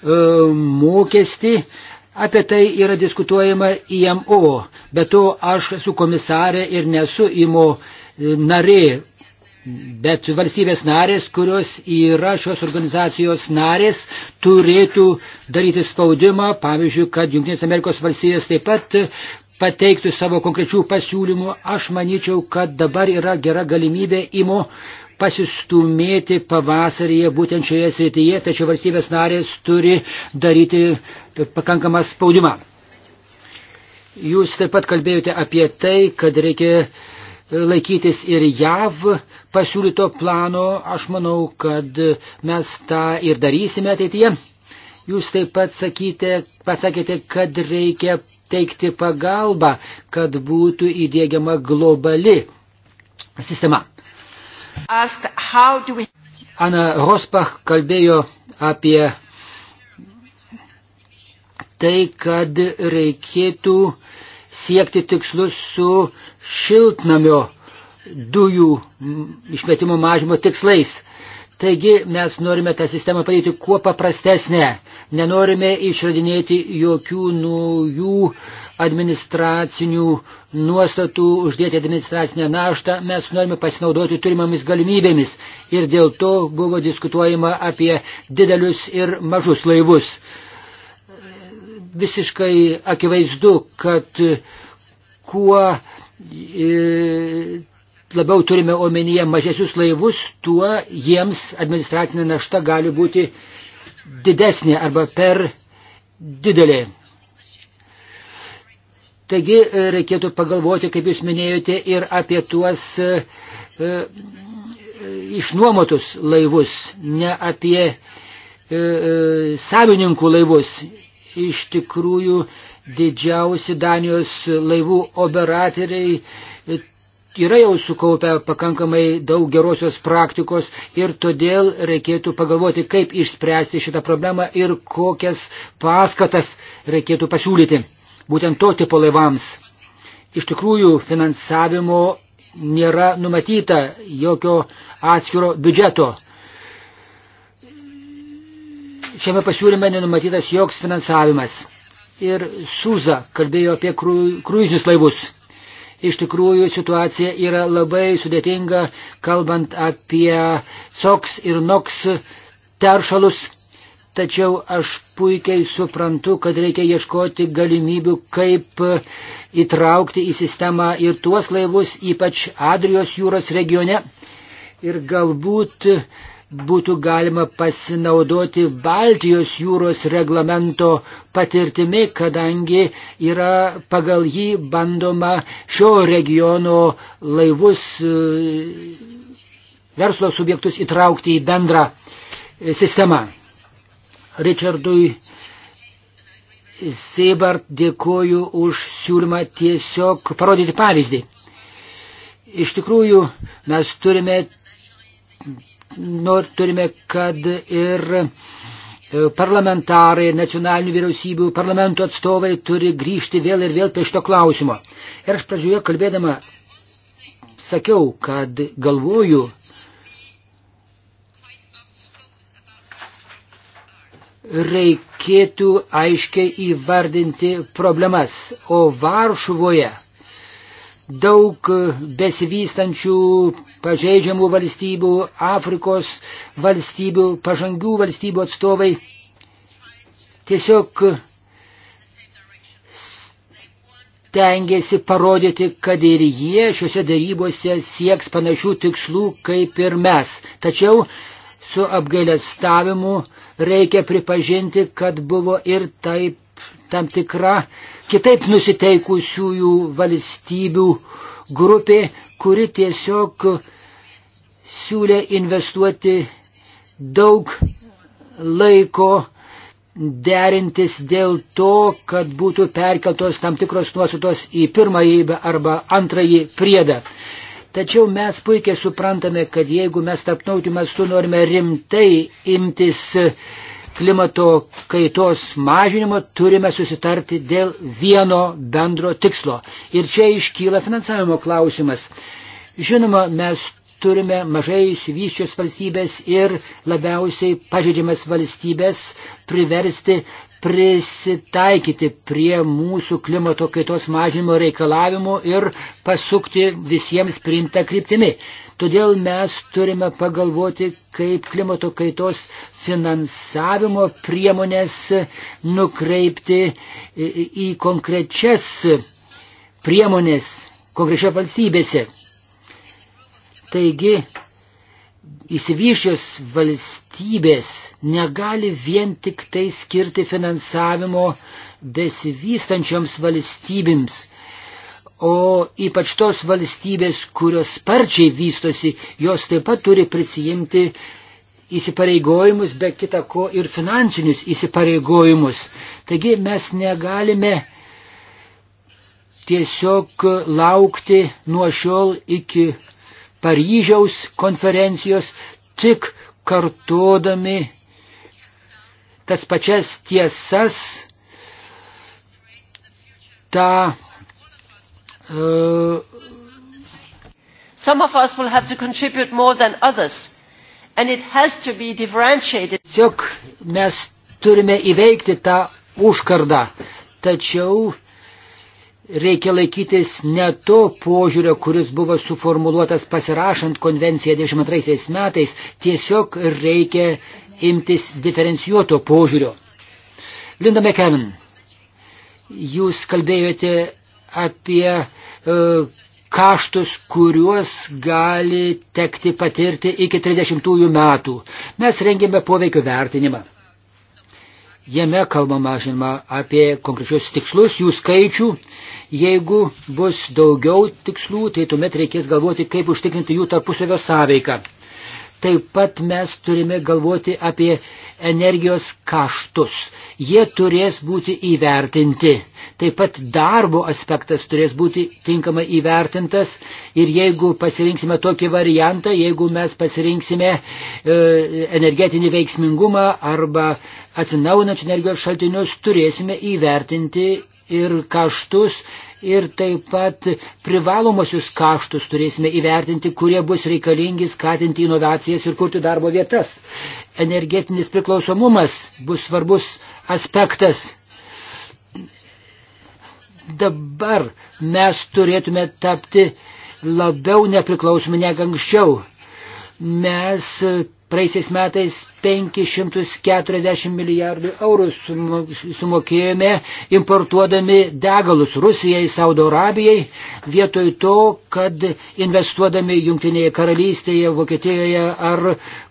mokestį. Apie tai yra diskutuojama IMO, bet to aš esu komisarė ir nesu IMO e, narė, bet valstybės narės, kurios yra šios organizacijos narės, turėtų daryti spaudimą, pavyzdžiui, kad Junktinės Amerikos valstybės taip pat pateiktų savo konkrečių pasiūlymų, aš manyčiau, kad dabar yra gera galimybė įmo pasistumėti pavasaryje būtent šioje srityje, tačiau valstybės narės turi daryti pakankamą spaudimą. Jūs taip pat kalbėjote apie tai, kad reikia laikytis ir JAV pasiūlyto plano. Aš manau, kad mes tą ir darysime ateityje. Jūs taip pat sakyti, pasakėte, kad reikia teikti pagalbą, kad būtų įdėgiama globali sistema. Ana Rospach kalbėjo apie tai, kad reikėtų siekti tikslus su šiltnamio dujų išmetimo mažimo tikslais. Taigi mes norime tą sistemą padaryti kuo paprastesnę. Nenorime išradinėti jokių naujų administracinių nuostatų, uždėti administracinę naštą. Mes norime pasinaudoti turimomis galimybėmis. Ir dėl to buvo diskutuojama apie didelius ir mažus laivus. Visiškai akivaizdu, kad kuo e, labiau turime omenyje mažesius laivus, tuo jiems administracinė našta gali būti didesnė arba per didelė. Taigi e, reikėtų pagalvoti, kaip jūs minėjote, ir apie tuos e, e išnuomotus laivus, ne apie e, e, savininkų laivus. Iš tikrųjų, didžiausi Danijos laivų operatoriai yra jau sukaupę pakankamai daug gerosios praktikos ir todėl reikėtų pagalvoti, kaip išspręsti šitą problemą ir kokias paskatas reikėtų pasiūlyti būtent to tipo laivams. Iš tikrųjų, finansavimo nėra numatyta jokio atskiro biudžeto. Šiame pasiūlyme nenumatytas joks finansavimas. Ir Suza kalbėjo apie kruizinius laivus. Iš tikrųjų situacija yra labai sudėtinga, kalbant apie SOX ir NOX teršalus. Tačiau aš puikiai suprantu, kad reikia ieškoti galimybių, kaip įtraukti į sistemą ir tuos laivus, ypač Adrijos jūros regione. Ir galbūt būtų galima pasinaudoti Baltijos jūros reglamento patirtimi, kadangi yra pagal jį bandoma šio regiono laivus e, verslo subjektus įtraukti į bendrą e, sistemą. Richardui Seibart dėkoju už siūlymą tiesiog parodyti pavyzdį. Iš tikrųjų, mes turime nor, turime, kad ir e, parlamentarai, nacionalinių vyriausybių, parlamento atstovai turi grįžti vėl ir vėl prie šito klausimo. Ir aš pradžioje kalbėdama sakiau, kad galvoju, reikėtų aiškiai įvardinti problemas. O Varšuvoje daug besivystančių, pažeidžiamų valstybių, Afrikos valstybių, pažangių valstybių atstovai tiesiog tengiasi parodyti, kad ir jie šiuose darybose sieks panašių tikslų kaip ir mes. Tačiau su apgailestavimu reikia pripažinti, kad buvo ir taip tam tikra kitaip nusiteikusiųjų valstybių grupė, kuri tiesiog siūlė investuoti daug laiko derintis dėl to, kad būtų perkeltos tam tikros nuostatos į pirmąjį arba antrąjį priedą. Tačiau mes puikiai suprantame, kad jeigu mes taptautį mastu norime rimtai imtis klimato kaitos mažinimo turime susitarti dėl vieno bendro tikslo. Ir čia iškyla finansavimo klausimas. Žinoma, mes turime mažai išsivyščios valstybės ir labiausiai pažeidžiamas valstybės priversti prisitaikyti prie mūsų klimato kaitos mažinimo reikalavimų ir pasukti visiems priimtą kryptimį. Todėl mes turime pagalvoti, kaip klimato kaitos finansavimo priemonės nukreipti į konkrečias priemonės konkrečioje valstybėse. Taigi, įsivyšios valstybės negali vien tik tai skirti finansavimo besivystančioms valstybėms. O ypač tos valstybės, kurios sparčiai vystosi, jos taip pat turi prisijimti įsipareigojimus, be kita ko ir finansinius įsipareigojimus. Taigi mes negalime tiesiog laukti nuo šiol iki Paryžiaus konferencijos, tik kartodami tas pačias tiesas, tą Uh, Some of us will have to contribute more than others. And it has to be differentiated. Tiesiog mes turime įveikti tą užkardą. Tačiau reikia laikytis ne to požiūrio, kuris buvo suformuluotas pasirašant konvenciją 22 metais. Tiesiog reikia imtis diferencijuoto požiūrio. Linda McKevin, jūs kalbėjote apie e, kaštus, kuriuos gali tekti patirti iki 30 metų. Mes rengėme poveikio vertinimą. Jame kalbama, žinoma, apie konkrečius tikslus, jų skaičių. Jeigu bus daugiau tikslų, tai tuomet reikės galvoti, kaip užtikrinti jų tarpusavio sąveiką. Taip pat mes turime galvoti apie energijos kaštus. Jie turės būti įvertinti. Taip pat darbo aspektas turės būti tinkamai įvertintas ir jeigu pasirinksime tokį variantą, jeigu mes pasirinksime e, energetinį veiksmingumą arba atsinaujinančių energijos šaltinius, turėsime įvertinti ir kaštus ir taip pat privalomosius kaštus turėsime įvertinti, kurie bus reikalingi skatinti inovacijas ir kurti darbo vietas. Energetinis priklausomumas bus svarbus aspektas dabar mes turėtume tapti labiau nepriklausomi negu anksčiau. Mes praeisiais metais 540 milijardų eurų sumokėjome importuodami degalus Rusijai, Saudo Arabijai, vietoj to, kad investuodami Junktinėje karalystėje, Vokietijoje ar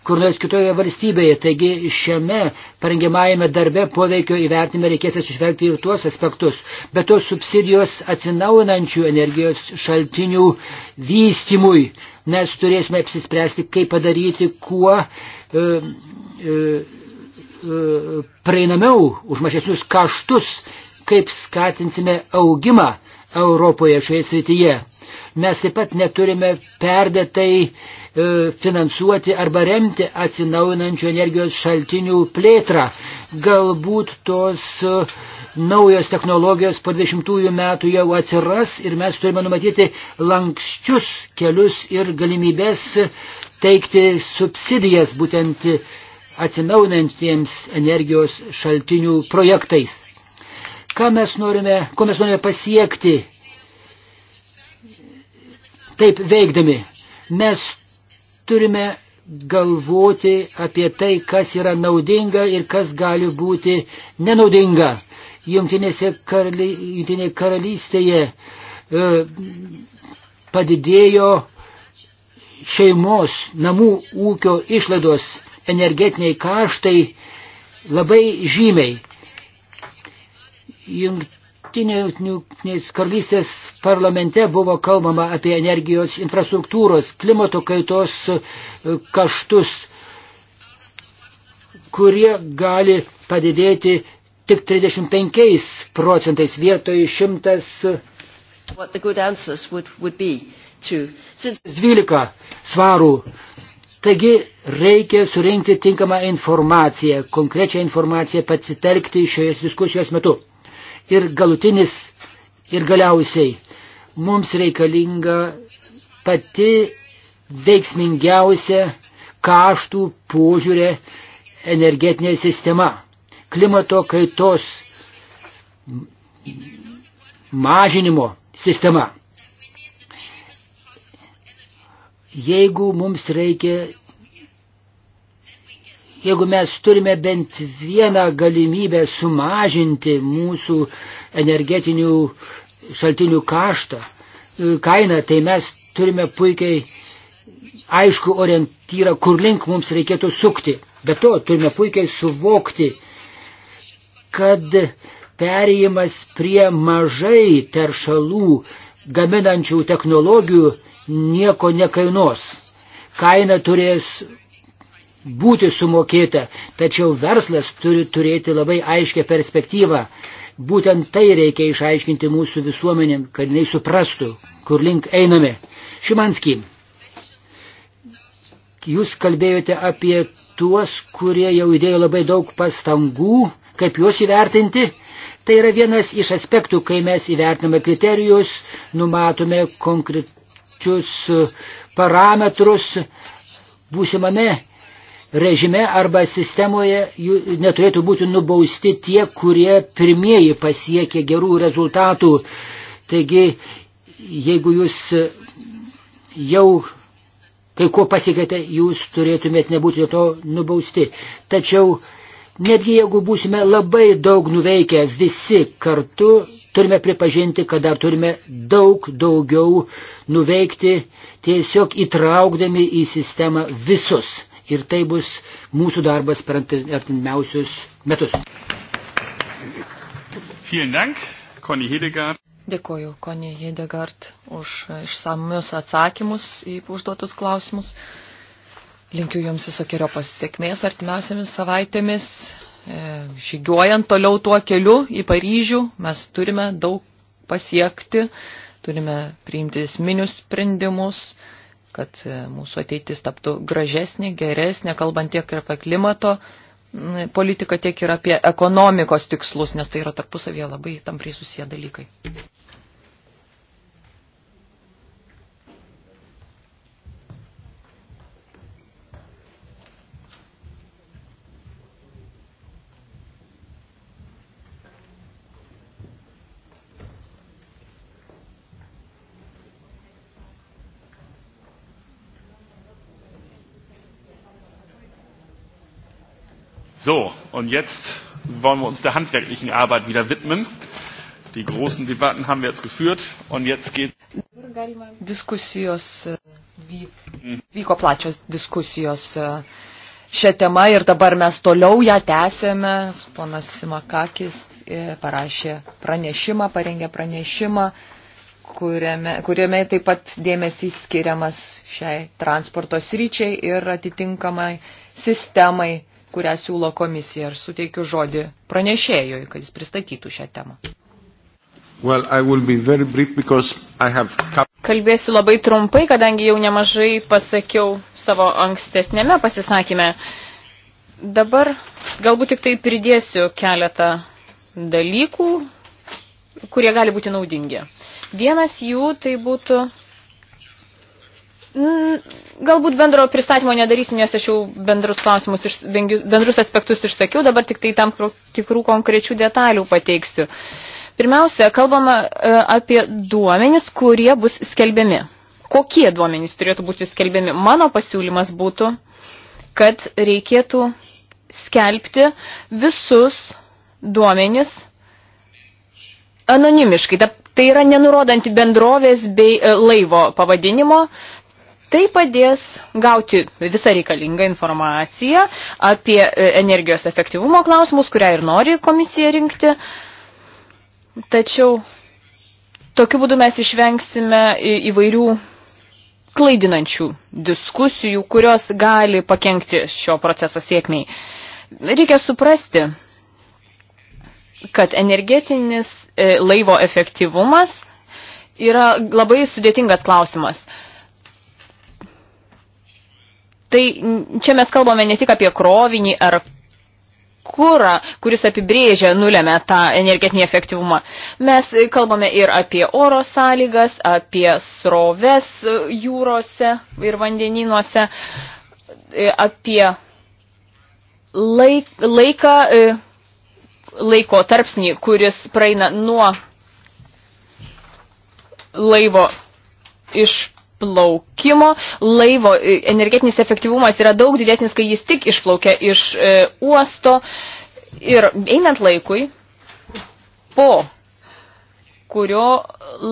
kur nors kitoje valstybėje. Taigi šiame parengiamajame darbe poveikio įvertinime reikės atsižvelgti ir tuos aspektus. Bet tos subsidijos atsinaujinančių energijos šaltinių vystimui mes turėsime apsispręsti, kaip padaryti kuo e, e, e, prieinamiau už mažesnius kaštus, kaip skatinsime augimą Europoje šioje srityje. Mes taip pat neturime perdėtai uh, E, finansuoti arba remti atsinaujinančių energijos šaltinių plėtrą. Galbūt tos e, naujos technologijos po 20 metų jau atsiras ir mes turime numatyti lankščius kelius ir galimybės teikti subsidijas būtent atsinaujinantiems energijos šaltinių projektais. Ką mes norime, ko mes norime pasiekti taip veikdami? Mes turime galvoti apie tai, kas yra naudinga ir kas gali būti nenaudinga. Jungtinėse karaly, Jungtinė karalystėje e, padidėjo šeimos namų ūkio išlaidos energetiniai kaštai labai žymiai. Jungt Jungtinės karalystės parlamente buvo kalbama apie energijos infrastruktūros, klimato kaitos e, kaštus, kurie gali padidėti tik 35 procentais vietoj 100. What the good answers would, would be to. Since... 12 svarų Taigi reikia surinkti tinkamą informaciją, konkrečią informaciją pasitelkti šios diskusijos metu ir galutinis ir galiausiai mums reikalinga pati veiksmingiausia kaštų požiūrė energetinė sistema. Klimato kaitos mažinimo sistema. Jeigu mums reikia jeigu mes turime bent vieną galimybę sumažinti mūsų energetinių šaltinių kaštą, e, kainą, tai mes turime puikiai aišku orientyrą, kur link mums reikėtų sukti. Be to, turime puikiai suvokti, kad perėjimas prie mažai teršalų gaminančių technologijų nieko nekainuos. Kaina turės būti sumokėta, tačiau verslas turi turėti labai aiškę perspektyvą. Būtent tai reikia išaiškinti mūsų visuomenėm, kad jinai suprastų, kur link einame. Šimanski, jūs kalbėjote apie tuos, kurie jau įdėjo labai daug pastangų, kaip juos įvertinti. Tai yra vienas iš aspektų, kai mes įvertiname kriterijus, numatome konkrečius e, parametrus būsimame režime arba sistemoje neturėtų būti nubausti tie, kurie pirmieji pasiekė gerų rezultatų. Taigi, jeigu jūs jau kai ko pasiekėte, jūs turėtumėt nebūti to nubausti. Tačiau netgi jeigu būsime labai daug nuveikę visi kartu, turime pripažinti, kad dar turime daug daugiau nuveikti, tiesiog įtraukdami į sistemą visus ir tai bus mūsų darbas per artimiausius metus. Dėkoju, Konė Hedegard, už išsamius atsakymus į užduotus klausimus. Linkiu Jums visokiojo pasiekmės artimiausiamis savaitėmis. E, žygiuojant toliau tuo keliu į Paryžių, mes turime daug pasiekti, turime priimti esminius sprendimus kad e, mūsų ateitis taptų gražesnė, geresnė, kalbant tiek ir apie klimato politiką, tiek ir apie ekonomikos tikslus, nes tai yra tarpusavėje labai tampriai susiję dalykai. So, und jetzt wollen wir uns der handwerklichen Arbeit wieder widmen. Die großen Debatten haben wir jetzt geführt und jetzt geht. Diskusijos e, mhm. vyko plačios diskusijos e, šią temą ir dabar mes toliau ją tęsėme. Ponas Simakakis e, parašė pranešimą, parengė pranešimą, kuriame, kuriame taip pat dėmesys skiriamas šiai transporto sryčiai ir atitinkamai sistemai kurią siūlo komisija ir suteikiu žodį pranešėjui, kad jis pristatytų šią temą. Well, have... Kalbėsiu labai trumpai, kadangi jau nemažai pasakiau savo ankstesnėme pasisakyme. Dabar galbūt tik tai pridėsiu keletą dalykų, kurie gali būti naudingi. Vienas jų tai būtų Mm, galbūt bendro pristatymo nedarysiu, nes aš jau bendrus klausimus, iš, bendrus aspektus išsakiau, dabar tik tai tam tikrų konkrečių detalių pateiksiu. Pirmiausia, kalbama e, apie duomenis, kurie bus skelbiami. Kokie duomenys turėtų būti skelbiami? Mano pasiūlymas būtų, kad reikėtų skelbti visus duomenis anonimiškai. Tai yra nenurodanti bendrovės bei e, laivo pavadinimo, Tai padės gauti visą reikalingą informaciją apie e, energijos efektyvumo klausimus, kurią ir nori komisija rinkti. Tačiau tokiu būdu mes išvengsime įvairių klaidinančių diskusijų, kurios gali pakengti šio proceso sėkmiai. Reikia suprasti, kad energetinis e, laivo efektyvumas yra labai sudėtingas klausimas. Tai čia mes kalbame ne tik apie krovinį ar kurą, kuris apibrėžia, nulėmė tą energetinį efektyvumą. Mes kalbame ir apie oro sąlygas, apie sroves jūrose ir vandeninuose, e, apie laik, laiką, e, laiko tarpsnį, kuris praeina nuo laivo iš išplaukimo laivo e, energetinis efektyvumas yra daug didesnis, kai jis tik išplaukia iš e, uosto. Ir einant laikui, po kurio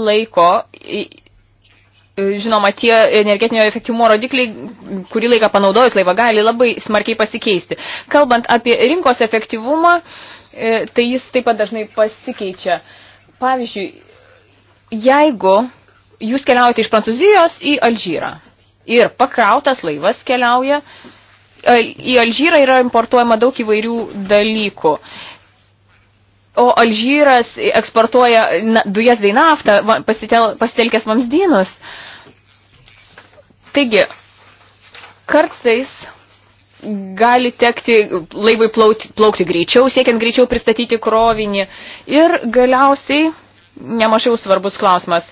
laiko, e, žinoma, tie energetinio efektyvumo rodikliai, kurį laiką panaudojus laivą, gali labai smarkiai pasikeisti. Kalbant apie rinkos efektyvumą, e, tai jis taip pat dažnai pasikeičia. Pavyzdžiui, jeigu jūs keliaujate iš Prancūzijos į Alžyrą. Ir pakrautas laivas keliauja. E, į Alžyrą yra importuojama daug įvairių dalykų. O Alžyras eksportuoja dujas bei naftą, pasitel, pasitelkęs vamsdynus. Taigi, kartais gali tekti laivui plaukti, plaukti greičiau, siekiant greičiau pristatyti krovinį. Ir galiausiai nemažiau svarbus klausimas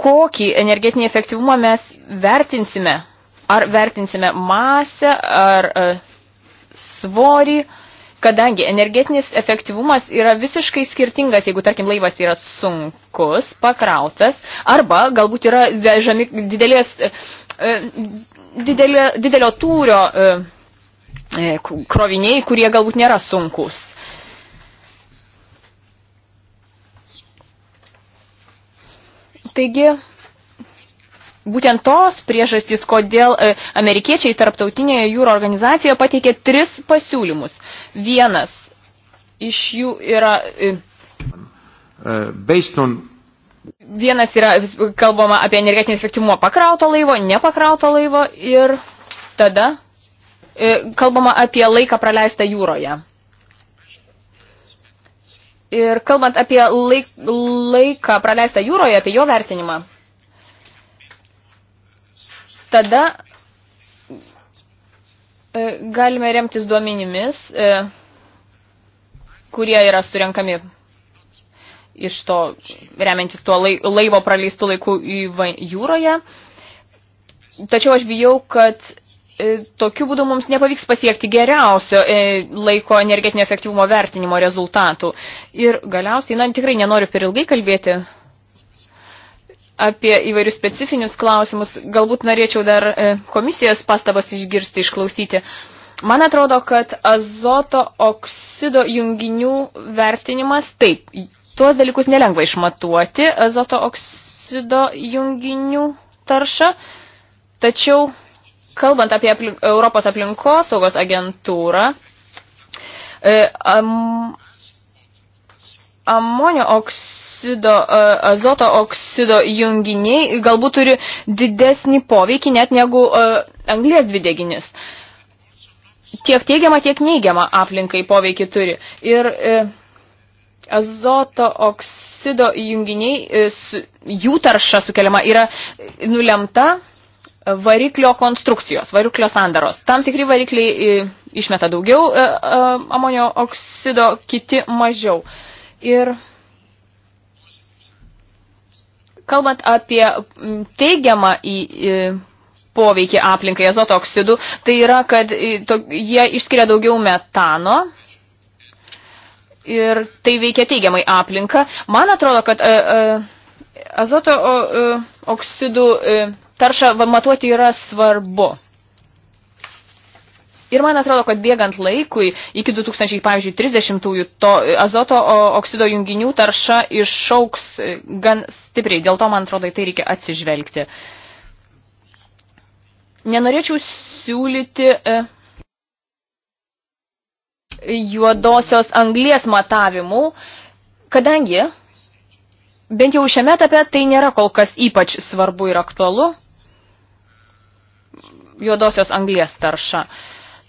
kokį energetinį efektyvumą mes vertinsime. Ar vertinsime masę, ar e, svorį, kadangi energetinis efektyvumas yra visiškai skirtingas, jeigu, tarkim, laivas yra sunkus, pakrautas, arba galbūt yra vežami didelės, e, e, didelio, didelio tūrio kroviniai, kurie galbūt nėra sunkus. Taigi, būtent tos priežastys, kodėl e, amerikiečiai tarptautinėje jūro organizacijoje pateikė tris pasiūlymus. Vienas iš jų yra... E, uh, based on... Vienas yra, kalbama apie energetinį efektyvumą pakrauto laivo, nepakrauto laivo ir tada e, kalbama apie laiką praleistą jūroje. Ir kalbant apie laik, laiką praleistą jūroje, apie jo vertinimą, tada e, galime remtis duomenimis, e, kurie yra surenkami iš to, remiantis tuo laivo praleistų laikų jūroje. Tačiau aš bijau, kad E, tokiu būdu mums nepavyks pasiekti geriausio e, laiko energetinio efektyvumo vertinimo rezultatų. Ir galiausiai, na, tikrai nenoriu per ilgai kalbėti apie įvairius specifinius klausimus. Galbūt norėčiau dar e, komisijos pastabas išgirsti, išklausyti. Man atrodo, kad azoto oksido junginių vertinimas, taip, tuos dalykus nelengva išmatuoti, azoto oksido junginių taršą, tačiau Kalbant apie aplink, Europos aplinkosaugos agentūrą, e, am, amonio oksido, e, azoto oksido junginiai galbūt turi didesnį poveikį net negu e, anglės dvideginis. Tiek teigiamą, tiek neigiamą aplinkai poveikį turi. Ir azoto oksido junginiai, jų tarša sukeliama yra nulemta variklio konstrukcijos, variklio sandaros. Tam tikri varikliai e, išmeta daugiau e, e, amonio oksido, kiti mažiau. Ir kalbant apie teigiamą į, į poveikį aplinkai azoto oksidų, tai yra, kad to, jie išskiria daugiau metano, ir tai veikia teigiamai aplinką. Man atrodo, kad azoto oksidų taršą matuoti yra svarbu. Ir man atrodo, kad bėgant laikui, iki 2030-ųjų to azoto oksido junginių tarša išauks gan stipriai. Dėl to, man atrodo, į tai reikia atsižvelgti. Nenorėčiau siūlyti e, juodosios anglies matavimų, kadangi bent jau šiame etape tai nėra kol kas ypač svarbu ir aktualu juodosios anglies tarša,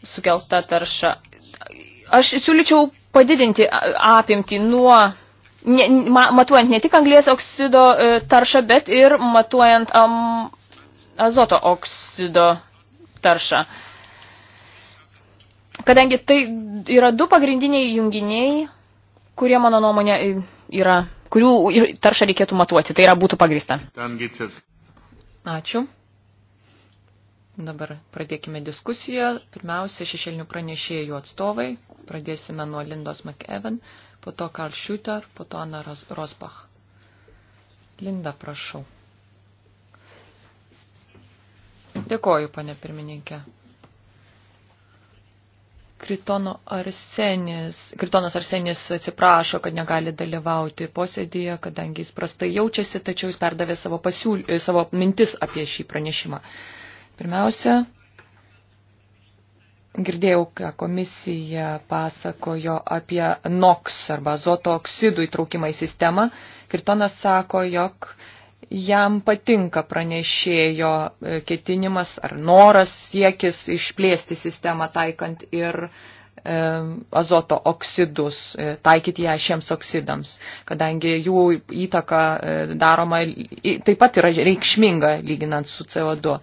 sukelta tarša. Aš siūlyčiau padidinti apimtį nuo, ne, matuojant ne tik anglies oksido e, taršą, bet ir matuojant am, azoto oksido taršą. Kadangi tai yra du pagrindiniai junginiai, kurie, mano nuomonė, yra, kurių taršą reikėtų matuoti. Tai yra būtų pagrįsta. Ačiū. Dabar pradėkime diskusiją. Pirmiausia, šešėlinių pranešėjų atstovai. Pradėsime nuo Lindos McEwen, po to Karl Schüter, po to Anna Rosbach. Linda, prašau. Dėkoju, pane pirmininkė. Kritono Arsenis, Kritonas Arsenis atsiprašo, kad negali dalyvauti posėdėje, kadangi jis prastai jaučiasi, tačiau jis perdavė savo, pasiūl... savo mintis apie šį pranešimą. Uh, Pirmiausia, girdėjau, ką komisija pasakojo apie NOX arba azoto oksidų įtraukimą į sistemą. Kirtonas sako, jog jam patinka pranešėjo e, ketinimas ar noras siekis išplėsti sistemą taikant ir e, azoto oksidus, e, taikyti ją šiems oksidams, kadangi jų įtaka daroma taip pat yra reikšminga lyginant su CO2.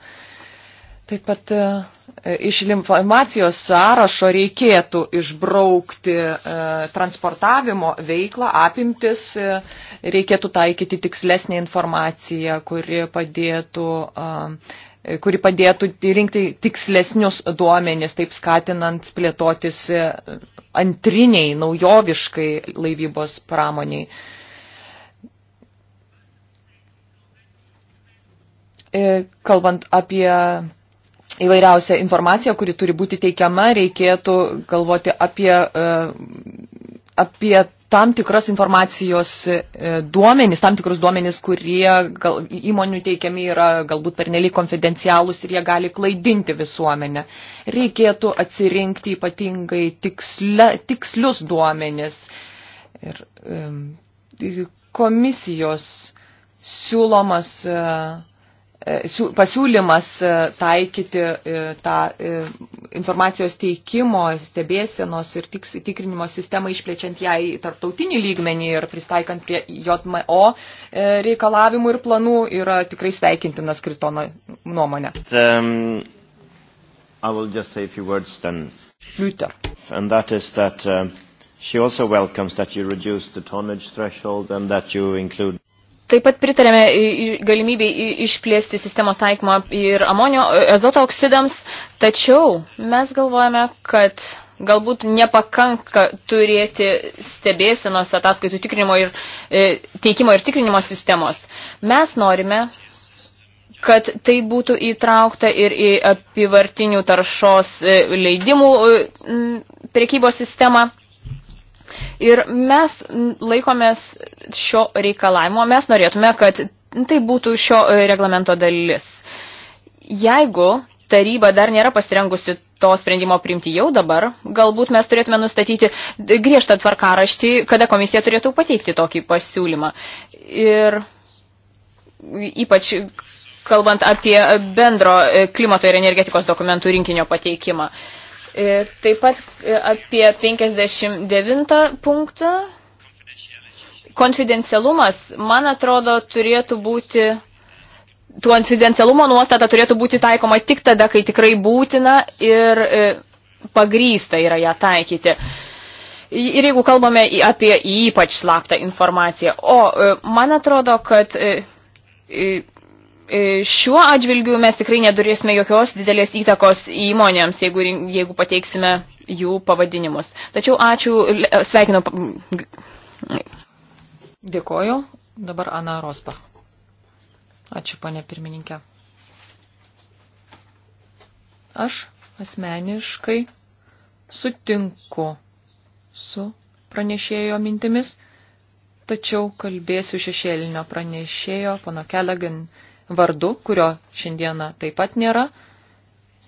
Taip pat e, iš informacijos sąrašo reikėtų išbraukti e, transportavimo veiklą, apimtis, e, reikėtų taikyti tikslesnį informaciją, kuri padėtų, kuri padėtų rinkti tikslesnius duomenis, taip skatinant plėtotis antriniai, naujoviškai laivybos pramoniai. Kalbant apie įvairiausią informaciją, kuri turi būti teikiama, reikėtų galvoti apie, e, apie tam tikras informacijos e, duomenys, tam tikrus duomenys, kurie gal, įmonių teikiami yra galbūt pernelyg konfidencialūs ir jie gali klaidinti visuomenę. Reikėtų atsirinkti ypatingai tiksle, tikslius duomenys. Ir um, komisijos siūlomas uh, E, pasiūlymas e, taikyti e, tą informacijos teikimo, stebėsenos ir tikrinimo sistemą išplečiant ją į tarptautinį lygmenį ir pristaikant prie JMO reikalavimų ir planų yra tikrai sveikintinas Kritono nuomonė. Um, Flüter. And that is that uh, she also welcomes that you reduce the tonnage threshold and that you include Taip pat pritarėme galimybėj išplėsti sistemos taikymą ir amonio azoto oksidams, tačiau mes galvojame, kad galbūt nepakanka turėti stebėsenos ataskaitų tikrinimo ir e, teikimo ir tikrinimo sistemos. Mes norime, kad tai būtų įtraukta ir į apivartinių taršos e, leidimų e, prekybos sistemą. Ir mes laikomės šio reikalavimo, mes norėtume, kad tai būtų šio e, reglamento dalis. Jeigu taryba dar nėra pasirengusi to sprendimo priimti jau dabar, galbūt mes turėtume nustatyti griežtą tvarkaraštį, kada komisija turėtų pateikti tokį pasiūlymą. Ir ypač kalbant apie bendro e, klimato ir energetikos dokumentų rinkinio pateikimą. Uh, Taip pat e, apie 59 punktą. Konfidencialumas, man atrodo, turėtų būti, konfidencialumo nuostata turėtų būti taikoma tik tada, kai tikrai būtina ir e, pagrysta yra ją taikyti. Ir jeigu kalbame apie ypač slaptą informaciją. O e, man atrodo, kad E, šiuo atžvilgiu mes tikrai nedurėsime jokios didelės įtakos įmonėms, jeigu, jeigu pateiksime jų pavadinimus. Tačiau ačiū, sveikinu. Dėkoju. Dabar Ana Rosbach. Ačiū, ponė pirmininkė. Aš asmeniškai sutinku su pranešėjo mintimis, tačiau kalbėsiu šešėlinio pranešėjo, pono Kelegan vardu, kurio šiandieną taip pat nėra.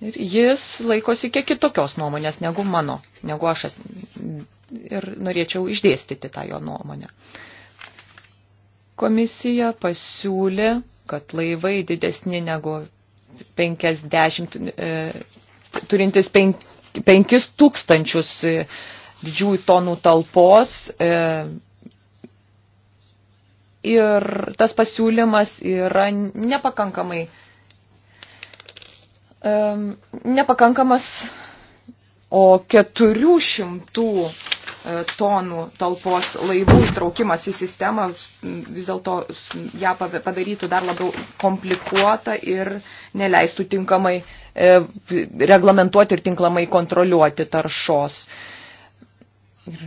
Ir jis laikosi kiek kitokios nuomonės negu mano, negu aš ir norėčiau išdėstyti tą jo nuomonę. Komisija pasiūlė, kad laivai didesni negu 50, e, turintis 5 tūkstančius e, didžiųjų tonų talpos e, ir tas pasiūlymas yra nepakankamai nepakankamas, o 400 e, tonų talpos laivų įtraukimas į sistemą vis dėlto ją padarytų dar labiau komplikuotą ir neleistų tinkamai e, reglamentuoti ir tinkamai kontroliuoti taršos. Ir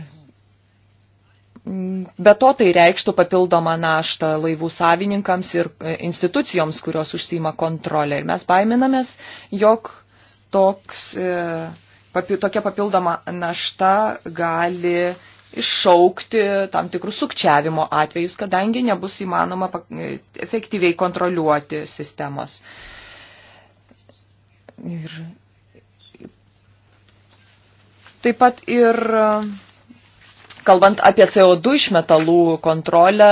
Be to tai reikštų papildomą naštą laivų savininkams ir e, institucijoms, kurios užsima kontrolę. Ir mes baiminamės, jog toks, e, papi, tokia papildoma našta gali iššaukti tam tikrus sukčiavimo atvejus, kadangi nebus įmanoma e, efektyviai kontroliuoti sistemos. Ir taip pat ir kalbant apie CO2 išmetalų kontrolę,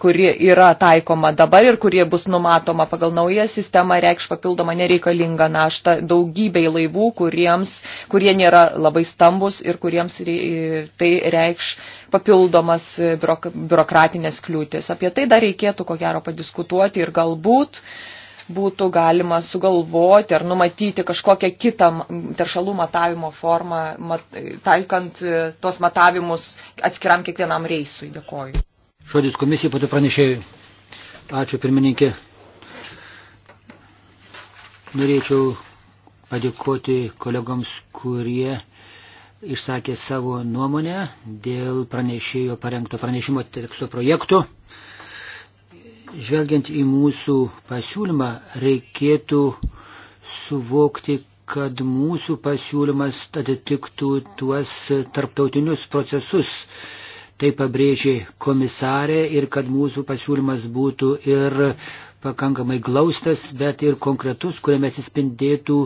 kuri yra taikoma dabar ir kurie bus numatoma pagal naują sistemą, reikš papildomą nereikalingą naštą daugybei laivų, kuriems, kurie nėra labai stambus ir kuriems e, tai reikš papildomas e, biurokratinės kliūtis. Apie tai dar reikėtų ko gero padiskutuoti ir galbūt uh, būtų galima sugalvoti ar numatyti kažkokią kitą teršalų matavimo formą, mat, taikant e, tuos matavimus atskiram kiekvienam reisui. Dėkoju. Šodis komisija pati pranešėjai. Ačiū pirmininkė. Norėčiau padėkoti kolegoms, kurie išsakė savo nuomonę dėl pranešėjo parengto pranešimo teksto projektų. Žvelgiant į mūsų pasiūlymą, reikėtų suvokti, kad mūsų pasiūlymas atitiktų tuos tarptautinius procesus. Tai pabrėžė komisarė ir kad mūsų pasiūlymas būtų ir pakankamai glaustas, bet ir konkretus, kuriame atsispindėtų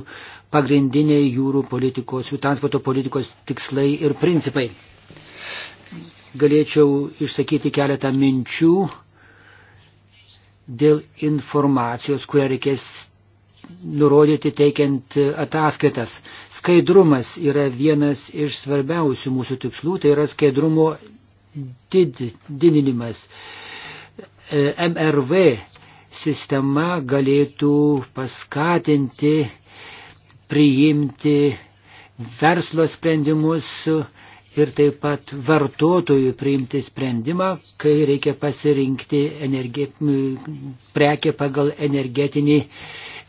pagrindiniai jūrų politikos, jų transporto politikos tikslai ir principai. Galėčiau išsakyti keletą minčių dėl informacijos, kurią reikės nurodyti teikiant ataskaitas. Skaidrumas yra vienas iš svarbiausių mūsų tikslų, tai yra skaidrumo did, didinimas. E, MRV sistema galėtų paskatinti priimti verslo sprendimus, ir taip pat vartotojų priimti sprendimą, kai reikia pasirinkti energi... prekę pagal energetinį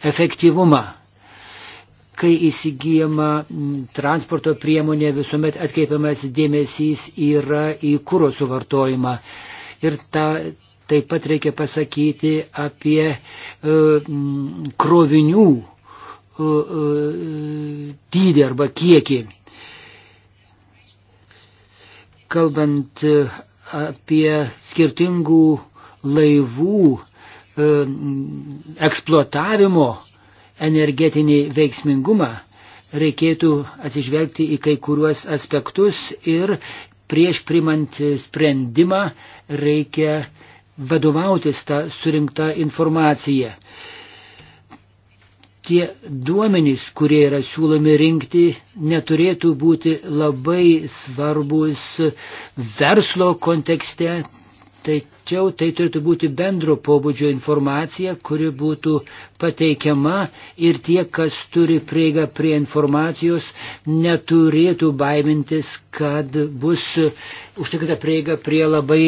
efektyvumą. Kai įsigijama transporto priemonė, visuomet atkreipiamas dėmesys yra į kūro suvartojimą. Ir ta, taip pat reikia pasakyti apie e, krovinių e, e, dydį arba kiekį kalbant e, apie skirtingų laivų e, eksploatavimo energetinį veiksmingumą, reikėtų atsižvelgti į kai kuriuos aspektus ir prieš primant sprendimą reikia vadovautis tą surinktą informaciją tie duomenys, kurie yra siūlomi rinkti, neturėtų būti labai svarbus verslo kontekste, tačiau tai turėtų būti bendro pobūdžio informacija, kuri būtų pateikiama ir tie, kas turi prieigą prie informacijos, neturėtų baimintis, kad bus užtikrinta prieiga prie labai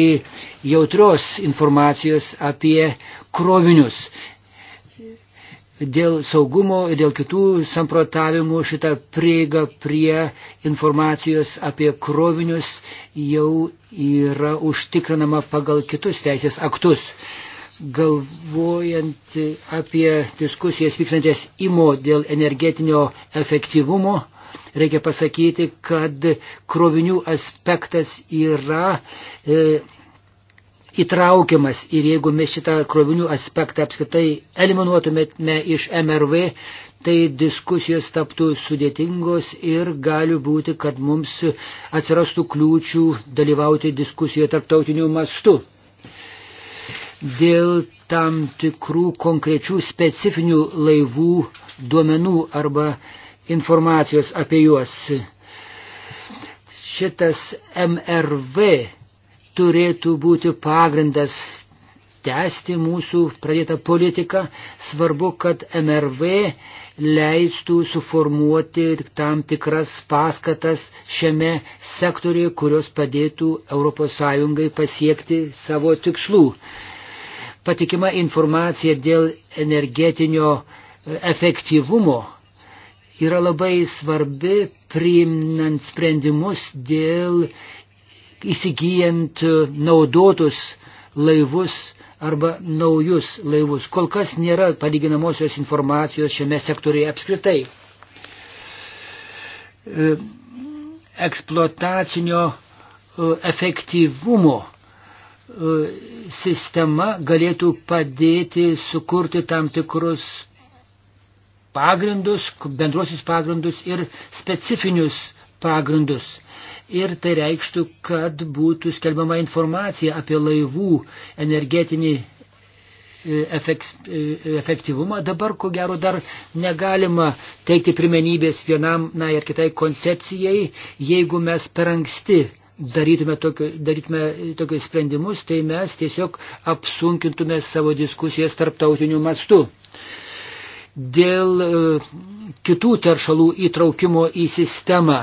jautrios informacijos apie krovinius dėl saugumo ir dėl kitų samprotavimų šita prieiga prie informacijos apie krovinius jau yra užtikrinama pagal kitus teisės aktus. Galvojant apie diskusijas vykstantės įmo dėl energetinio efektyvumo, reikia pasakyti, kad krovinių aspektas yra e, įtraukiamas ir jeigu mes šitą krovinių aspektą apskritai eliminuotumėme iš MRV, tai diskusijos taptų sudėtingos ir gali būti, kad mums atsirastų kliūčių dalyvauti diskusijoje tarptautiniu mastu. Dėl tam tikrų konkrečių specifinių laivų duomenų arba informacijos apie juos. Šitas MRV turėtų būti pagrindas tęsti mūsų pradėtą politiką. Svarbu, kad MRV leistų suformuoti tam tikras paskatas šiame sektoriuje, kurios padėtų ES pasiekti savo tikslų. Patikima informacija dėl energetinio efektyvumo yra labai svarbi priimant sprendimus dėl įsigijant e, naudotus laivus arba naujus laivus. Kol kas nėra palyginamosios informacijos šiame sektoriuje apskritai. E, eksploatacinio e, efektyvumo sistema galėtų padėti sukurti tam tikrus pagrindus, bendruosius pagrindus ir specifinius pagrindus ir tai reikštų, kad būtų skelbiama informacija apie laivų energetinį e, e, efektyvumą. Dabar, ko gero, dar negalima teikti primenybės vienam na, ir kitai koncepcijai, jeigu mes per anksti darytume, tokio, darytume tokius sprendimus, tai mes tiesiog apsunkintume savo diskusijas tarptautiniu mastu. Dėl e, kitų teršalų įtraukimo į sistemą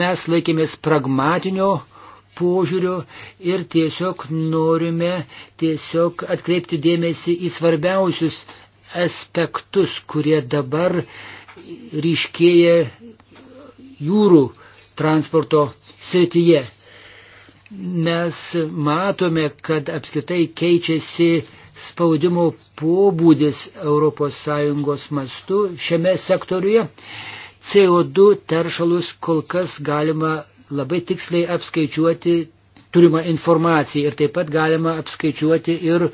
mes laikėmės pragmatinio požiūrio ir tiesiog norime tiesiog atkreipti dėmesį į svarbiausius aspektus, kurie dabar ryškėja jūrų transporto srityje. Mes matome, kad apskritai keičiasi spaudimo pobūdis ES mastu šiame sektoriuje. CO2 teršalus kol kas galima labai tiksliai apskaičiuoti turimą informaciją ir taip pat galima apskaičiuoti ir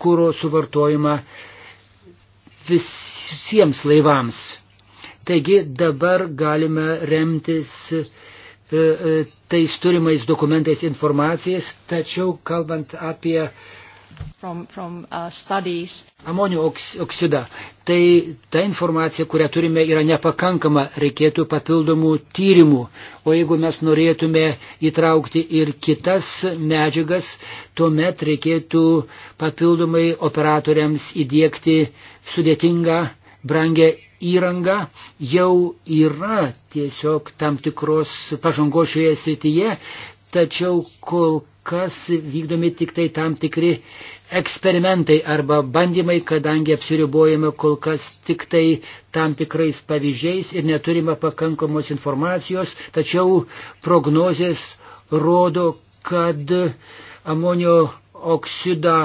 kūro suvartojimą visiems laivams. Taigi dabar galime remtis e, e, tais turimais dokumentais informacijas, tačiau kalbant apie From, from, uh, Amonio oksidą. Tai ta informacija, kurią turime, yra nepakankama, reikėtų papildomų tyrimų. O jeigu mes norėtume įtraukti ir kitas medžiagas, tuomet reikėtų papildomai operatoriams įdėkti sudėtingą, brangę įrangą. Jau yra tiesiog tam tikros pažangos šioje srityje, tačiau kol kas vykdomi tik tai tam tikri eksperimentai arba bandymai, kadangi apsiribojame kol kas tik tai tam tikrais pavyzdžiais ir neturime pakankamos informacijos, tačiau prognozės rodo, kad amonio oksidą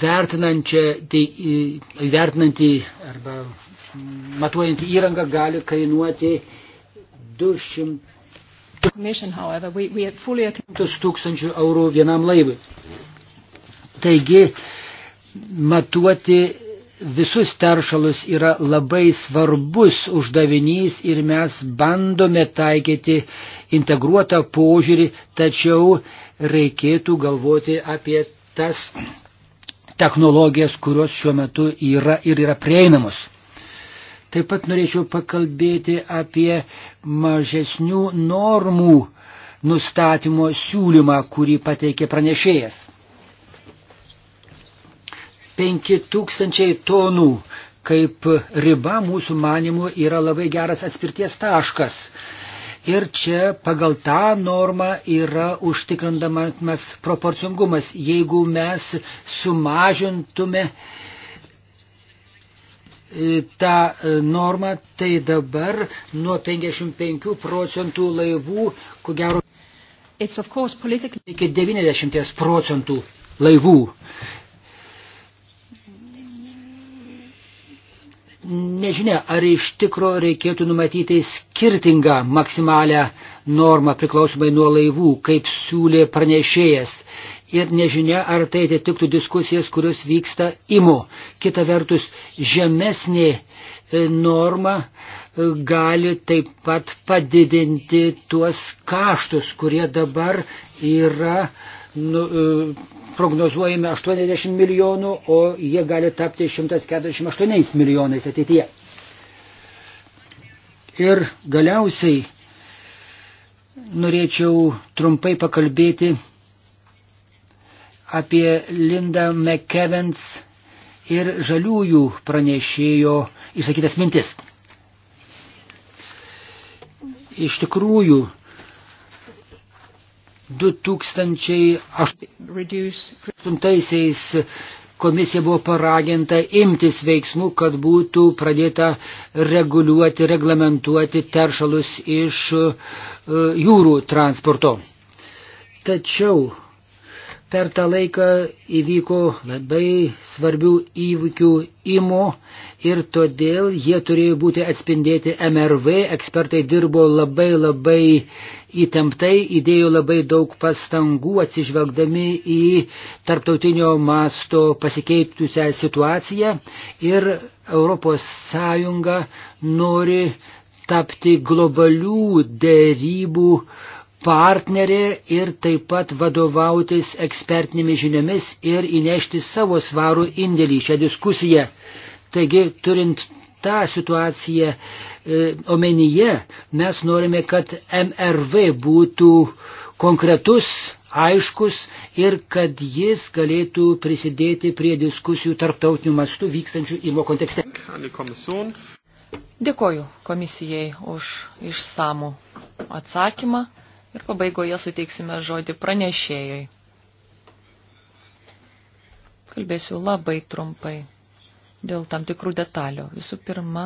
tai, vertinantį arba matuojantį įrangą gali kainuoti 200 100 tūkstančių eurų vienam laivui. Taigi, matuoti visus teršalus yra labai svarbus uždavinys ir mes bandome taikyti integruotą požiūrį, tačiau reikėtų galvoti apie tas technologijas, kurios šiuo metu yra ir yra prieinamos. Taip pat norėčiau pakalbėti apie mažesnių normų nustatymo siūlymą, kurį pateikė pranešėjas. 5000 tonų kaip riba mūsų manimų yra labai geras atspirties taškas. Ir čia pagal tą normą yra užtikrindamas proporcingumas. Jeigu mes sumažintume uh, tą e, normą, tai dabar nuo 55 procentų laivų, ko gero, politically... iki 90 procentų laivų. Nežinia, ar iš tikro reikėtų numatyti skirtingą maksimalę normą priklausomai nuo laivų, kaip siūlė pranešėjas ir nežinia, ar tai atitiktų diskusijas, kurios vyksta imu. Kita vertus, žemesnė e, norma e, gali taip pat padidinti tuos kaštus, kurie dabar yra nu, e, prognozuojami 80 milijonų, o jie gali tapti 148 milijonais ateityje. Ir galiausiai norėčiau trumpai pakalbėti apie Lindą McKevens ir žaliųjų pranešėjo išsakytas mintis. Iš tikrųjų, 2008 komisija buvo paraginta imtis veiksmų, kad būtų pradėta reguliuoti, reglamentuoti teršalus iš e, jūrų transporto. Tačiau Per tą laiką įvyko labai svarbių įvykių įmo ir todėl jie turėjo būti atspindėti MRV. Ekspertai dirbo labai labai įtemptai, įdėjo labai daug pastangų atsižvelgdami į tarptautinio masto pasikeitusią situaciją ir ES nori tapti globalių dėrybų uh, partnerė ir taip pat vadovautis ekspertinėmis žiniomis ir įnešti savo svarų indėlį šią diskusiją. Taigi, turint tą situaciją e, omenyje, mes norime, kad MRV būtų konkretus, aiškus ir kad jis galėtų prisidėti prie diskusijų tarptautinių mastų vykstančių įmo kontekste. Dėkoju komisijai už išsamų atsakymą. Ir pabaigoje suteiksime žodį pranešėjai. Kalbėsiu labai trumpai dėl tam tikrų detalių. Visų pirma,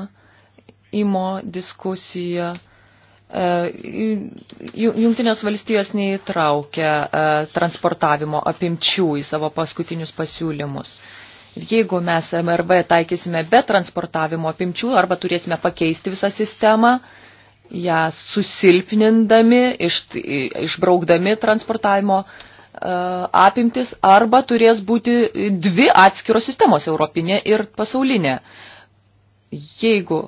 įmo diskusija. E, Jungtinės valstijos neįtraukia e, transportavimo apimčių į savo paskutinius pasiūlymus. Ir jeigu mes MRV taikysime be transportavimo apimčių arba turėsime pakeisti visą sistemą, ją susilpnindami, iš, išbraukdami transportavimo e, apimtis, arba turės būti dvi atskiros sistemos - europinė ir pasaulinė. Jeigu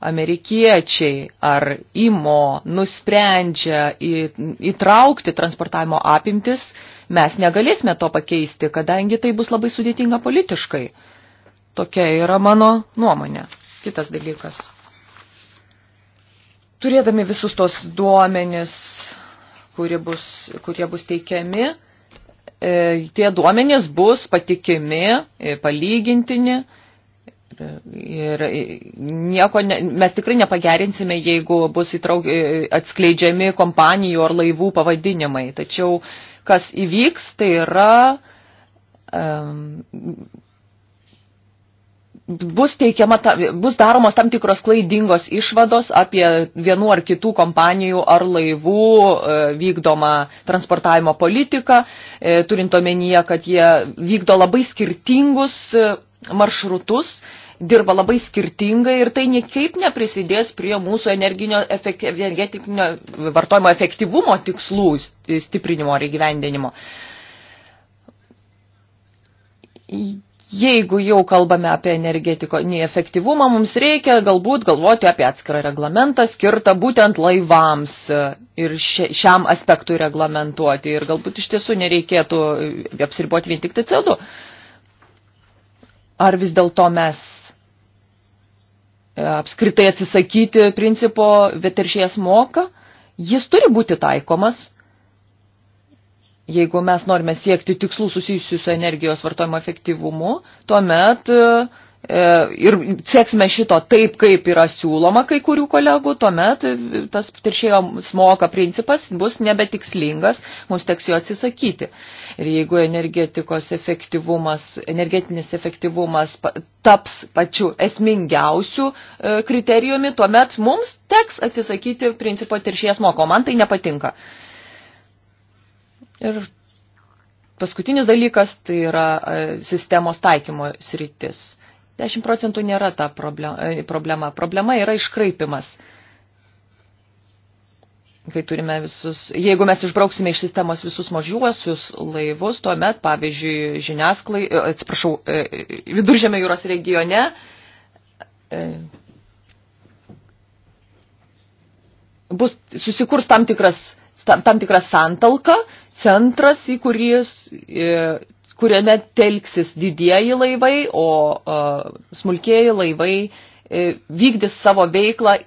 amerikiečiai ar IMO nusprendžia į, įtraukti transportavimo apimtis, mes negalėsime to pakeisti, kadangi tai bus labai sudėtinga politiškai. Tokia yra mano nuomonė. Kitas dalykas. Turėdami visus tos duomenis, kurie bus, kurie bus teikiami, e, tie duomenys bus patikimi, e, palygintini. Ir e, nieko ne, mes tikrai nepagerinsime, jeigu bus įtrauk, atskleidžiami kompanijų ar laivų pavadinimai. Tačiau kas įvyks, tai yra um, bus, teikiama, bus daromos tam tikros klaidingos išvados apie vienų ar kitų kompanijų ar laivų e, vykdomą transportavimo politiką, e, turint omenyje, kad jie vykdo labai skirtingus e, maršrutus, dirba labai skirtingai ir tai niekaip neprisidės prie mūsų efekt, energetinio vartojimo efektyvumo tikslų stiprinimo ar įgyvendinimo jeigu jau kalbame apie energetiko neefektyvumą, mums reikia galbūt galvoti apie atskirą reglamentą skirtą būtent laivams ir šiam aspektui reglamentuoti. Ir galbūt iš tiesų nereikėtų apsiriboti vien tik tai CO2. Ar vis dėlto mes e, apskritai atsisakyti principo veteršėjas moka? Jis turi būti taikomas jeigu mes norime siekti tikslų susijusių su energijos vartojimo efektyvumu, tuomet e, e, ir sieksime šito taip, kaip yra siūloma kai kurių kolegų, tuomet e, tas teršėjo smoka principas bus nebetikslingas, mums teks jo atsisakyti. Ir jeigu energetikos efektyvumas, energetinis efektyvumas taps pačiu esmingiausiu kriterijumi, tuomet mums teks atsisakyti principo teršėjas moko, man tai nepatinka. Ir paskutinis dalykas tai yra e, sistemos taikymo sritis. 10 procentų nėra ta e, problema. Problema yra iškraipimas. Kai turime visus, jeigu mes išbrauksime iš sistemos visus mažuosius laivus, tuomet, pavyzdžiui, žiniasklai, e, atsiprašau, viduržėmio jūros regione bus susikurs tam tikras tam, tam tikrą santalką centras, į kurį, kuriame telksis didieji laivai, o smulkieji laivai e, vykdys savo veiklą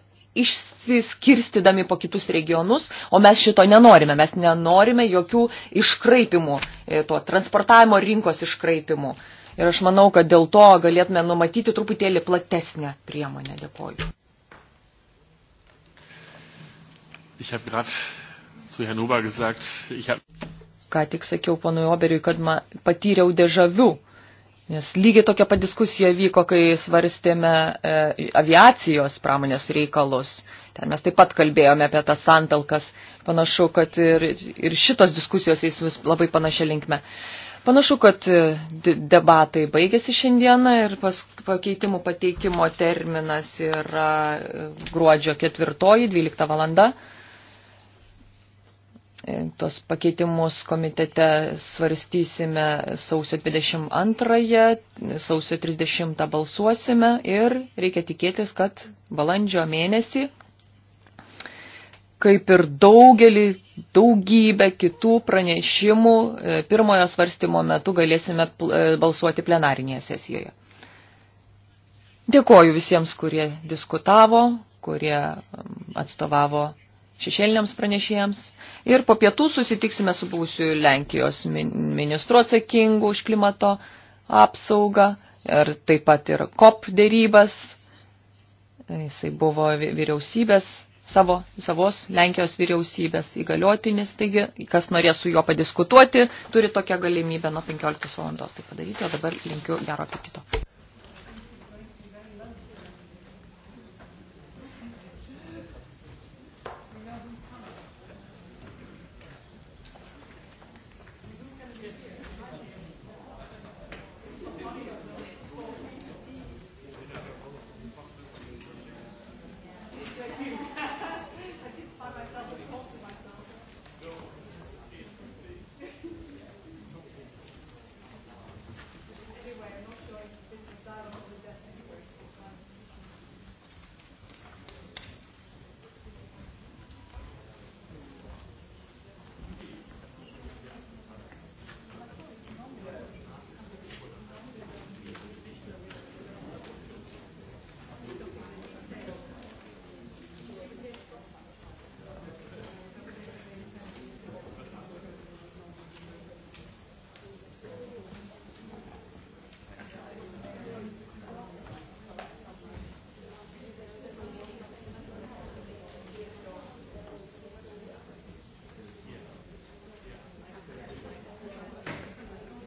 išsiskirstydami po kitus regionus, o mes šito nenorime. Mes nenorime jokių iškraipimų, e, to transportavimo rinkos iškraipimų. Ir aš manau, kad dėl to galėtume numatyti truputėlį platesnę priemonę. Dėkoju. Ich habe gerade zu Herrn Huber gesagt, ich habe. Ką tik sakiau ponui Oberiui, kad ma, patyriau dežavių, nes lygiai tokia pat diskusija vyko, kai svarstėme e, aviacijos pramonės reikalus. Ten mes taip pat kalbėjome apie tas santalkas. Panašu, kad ir, ir šitos diskusijos eis vis labai panašia linkme. Panašu, kad e, debatai baigėsi šiandieną ir pas, pakeitimų pateikimo terminas yra e, gruodžio 4, 12 valanda. E, Tuos pakeitimus komitete svarstysime sausio 22, sausio 30 balsuosime ir reikia tikėtis, kad balandžio mėnesį, kaip ir daugelį, daugybę kitų pranešimų, e, pirmojo svarstymo metu galėsime e, balsuoti plenarinėje sesijoje. Dėkoju visiems, kurie diskutavo, kurie atstovavo šešėliniams pranešėjams. Ir po pietų susitiksime su buvusiu Lenkijos ministru atsakingu už klimato apsaugą ir taip pat ir COP dėrybas. Jisai buvo vyriausybės, savo, savos Lenkijos vyriausybės įgaliotinis, taigi kas norės su juo padiskutuoti, turi tokią galimybę nuo 15 valandos tai padaryti, o dabar linkiu gero apetito.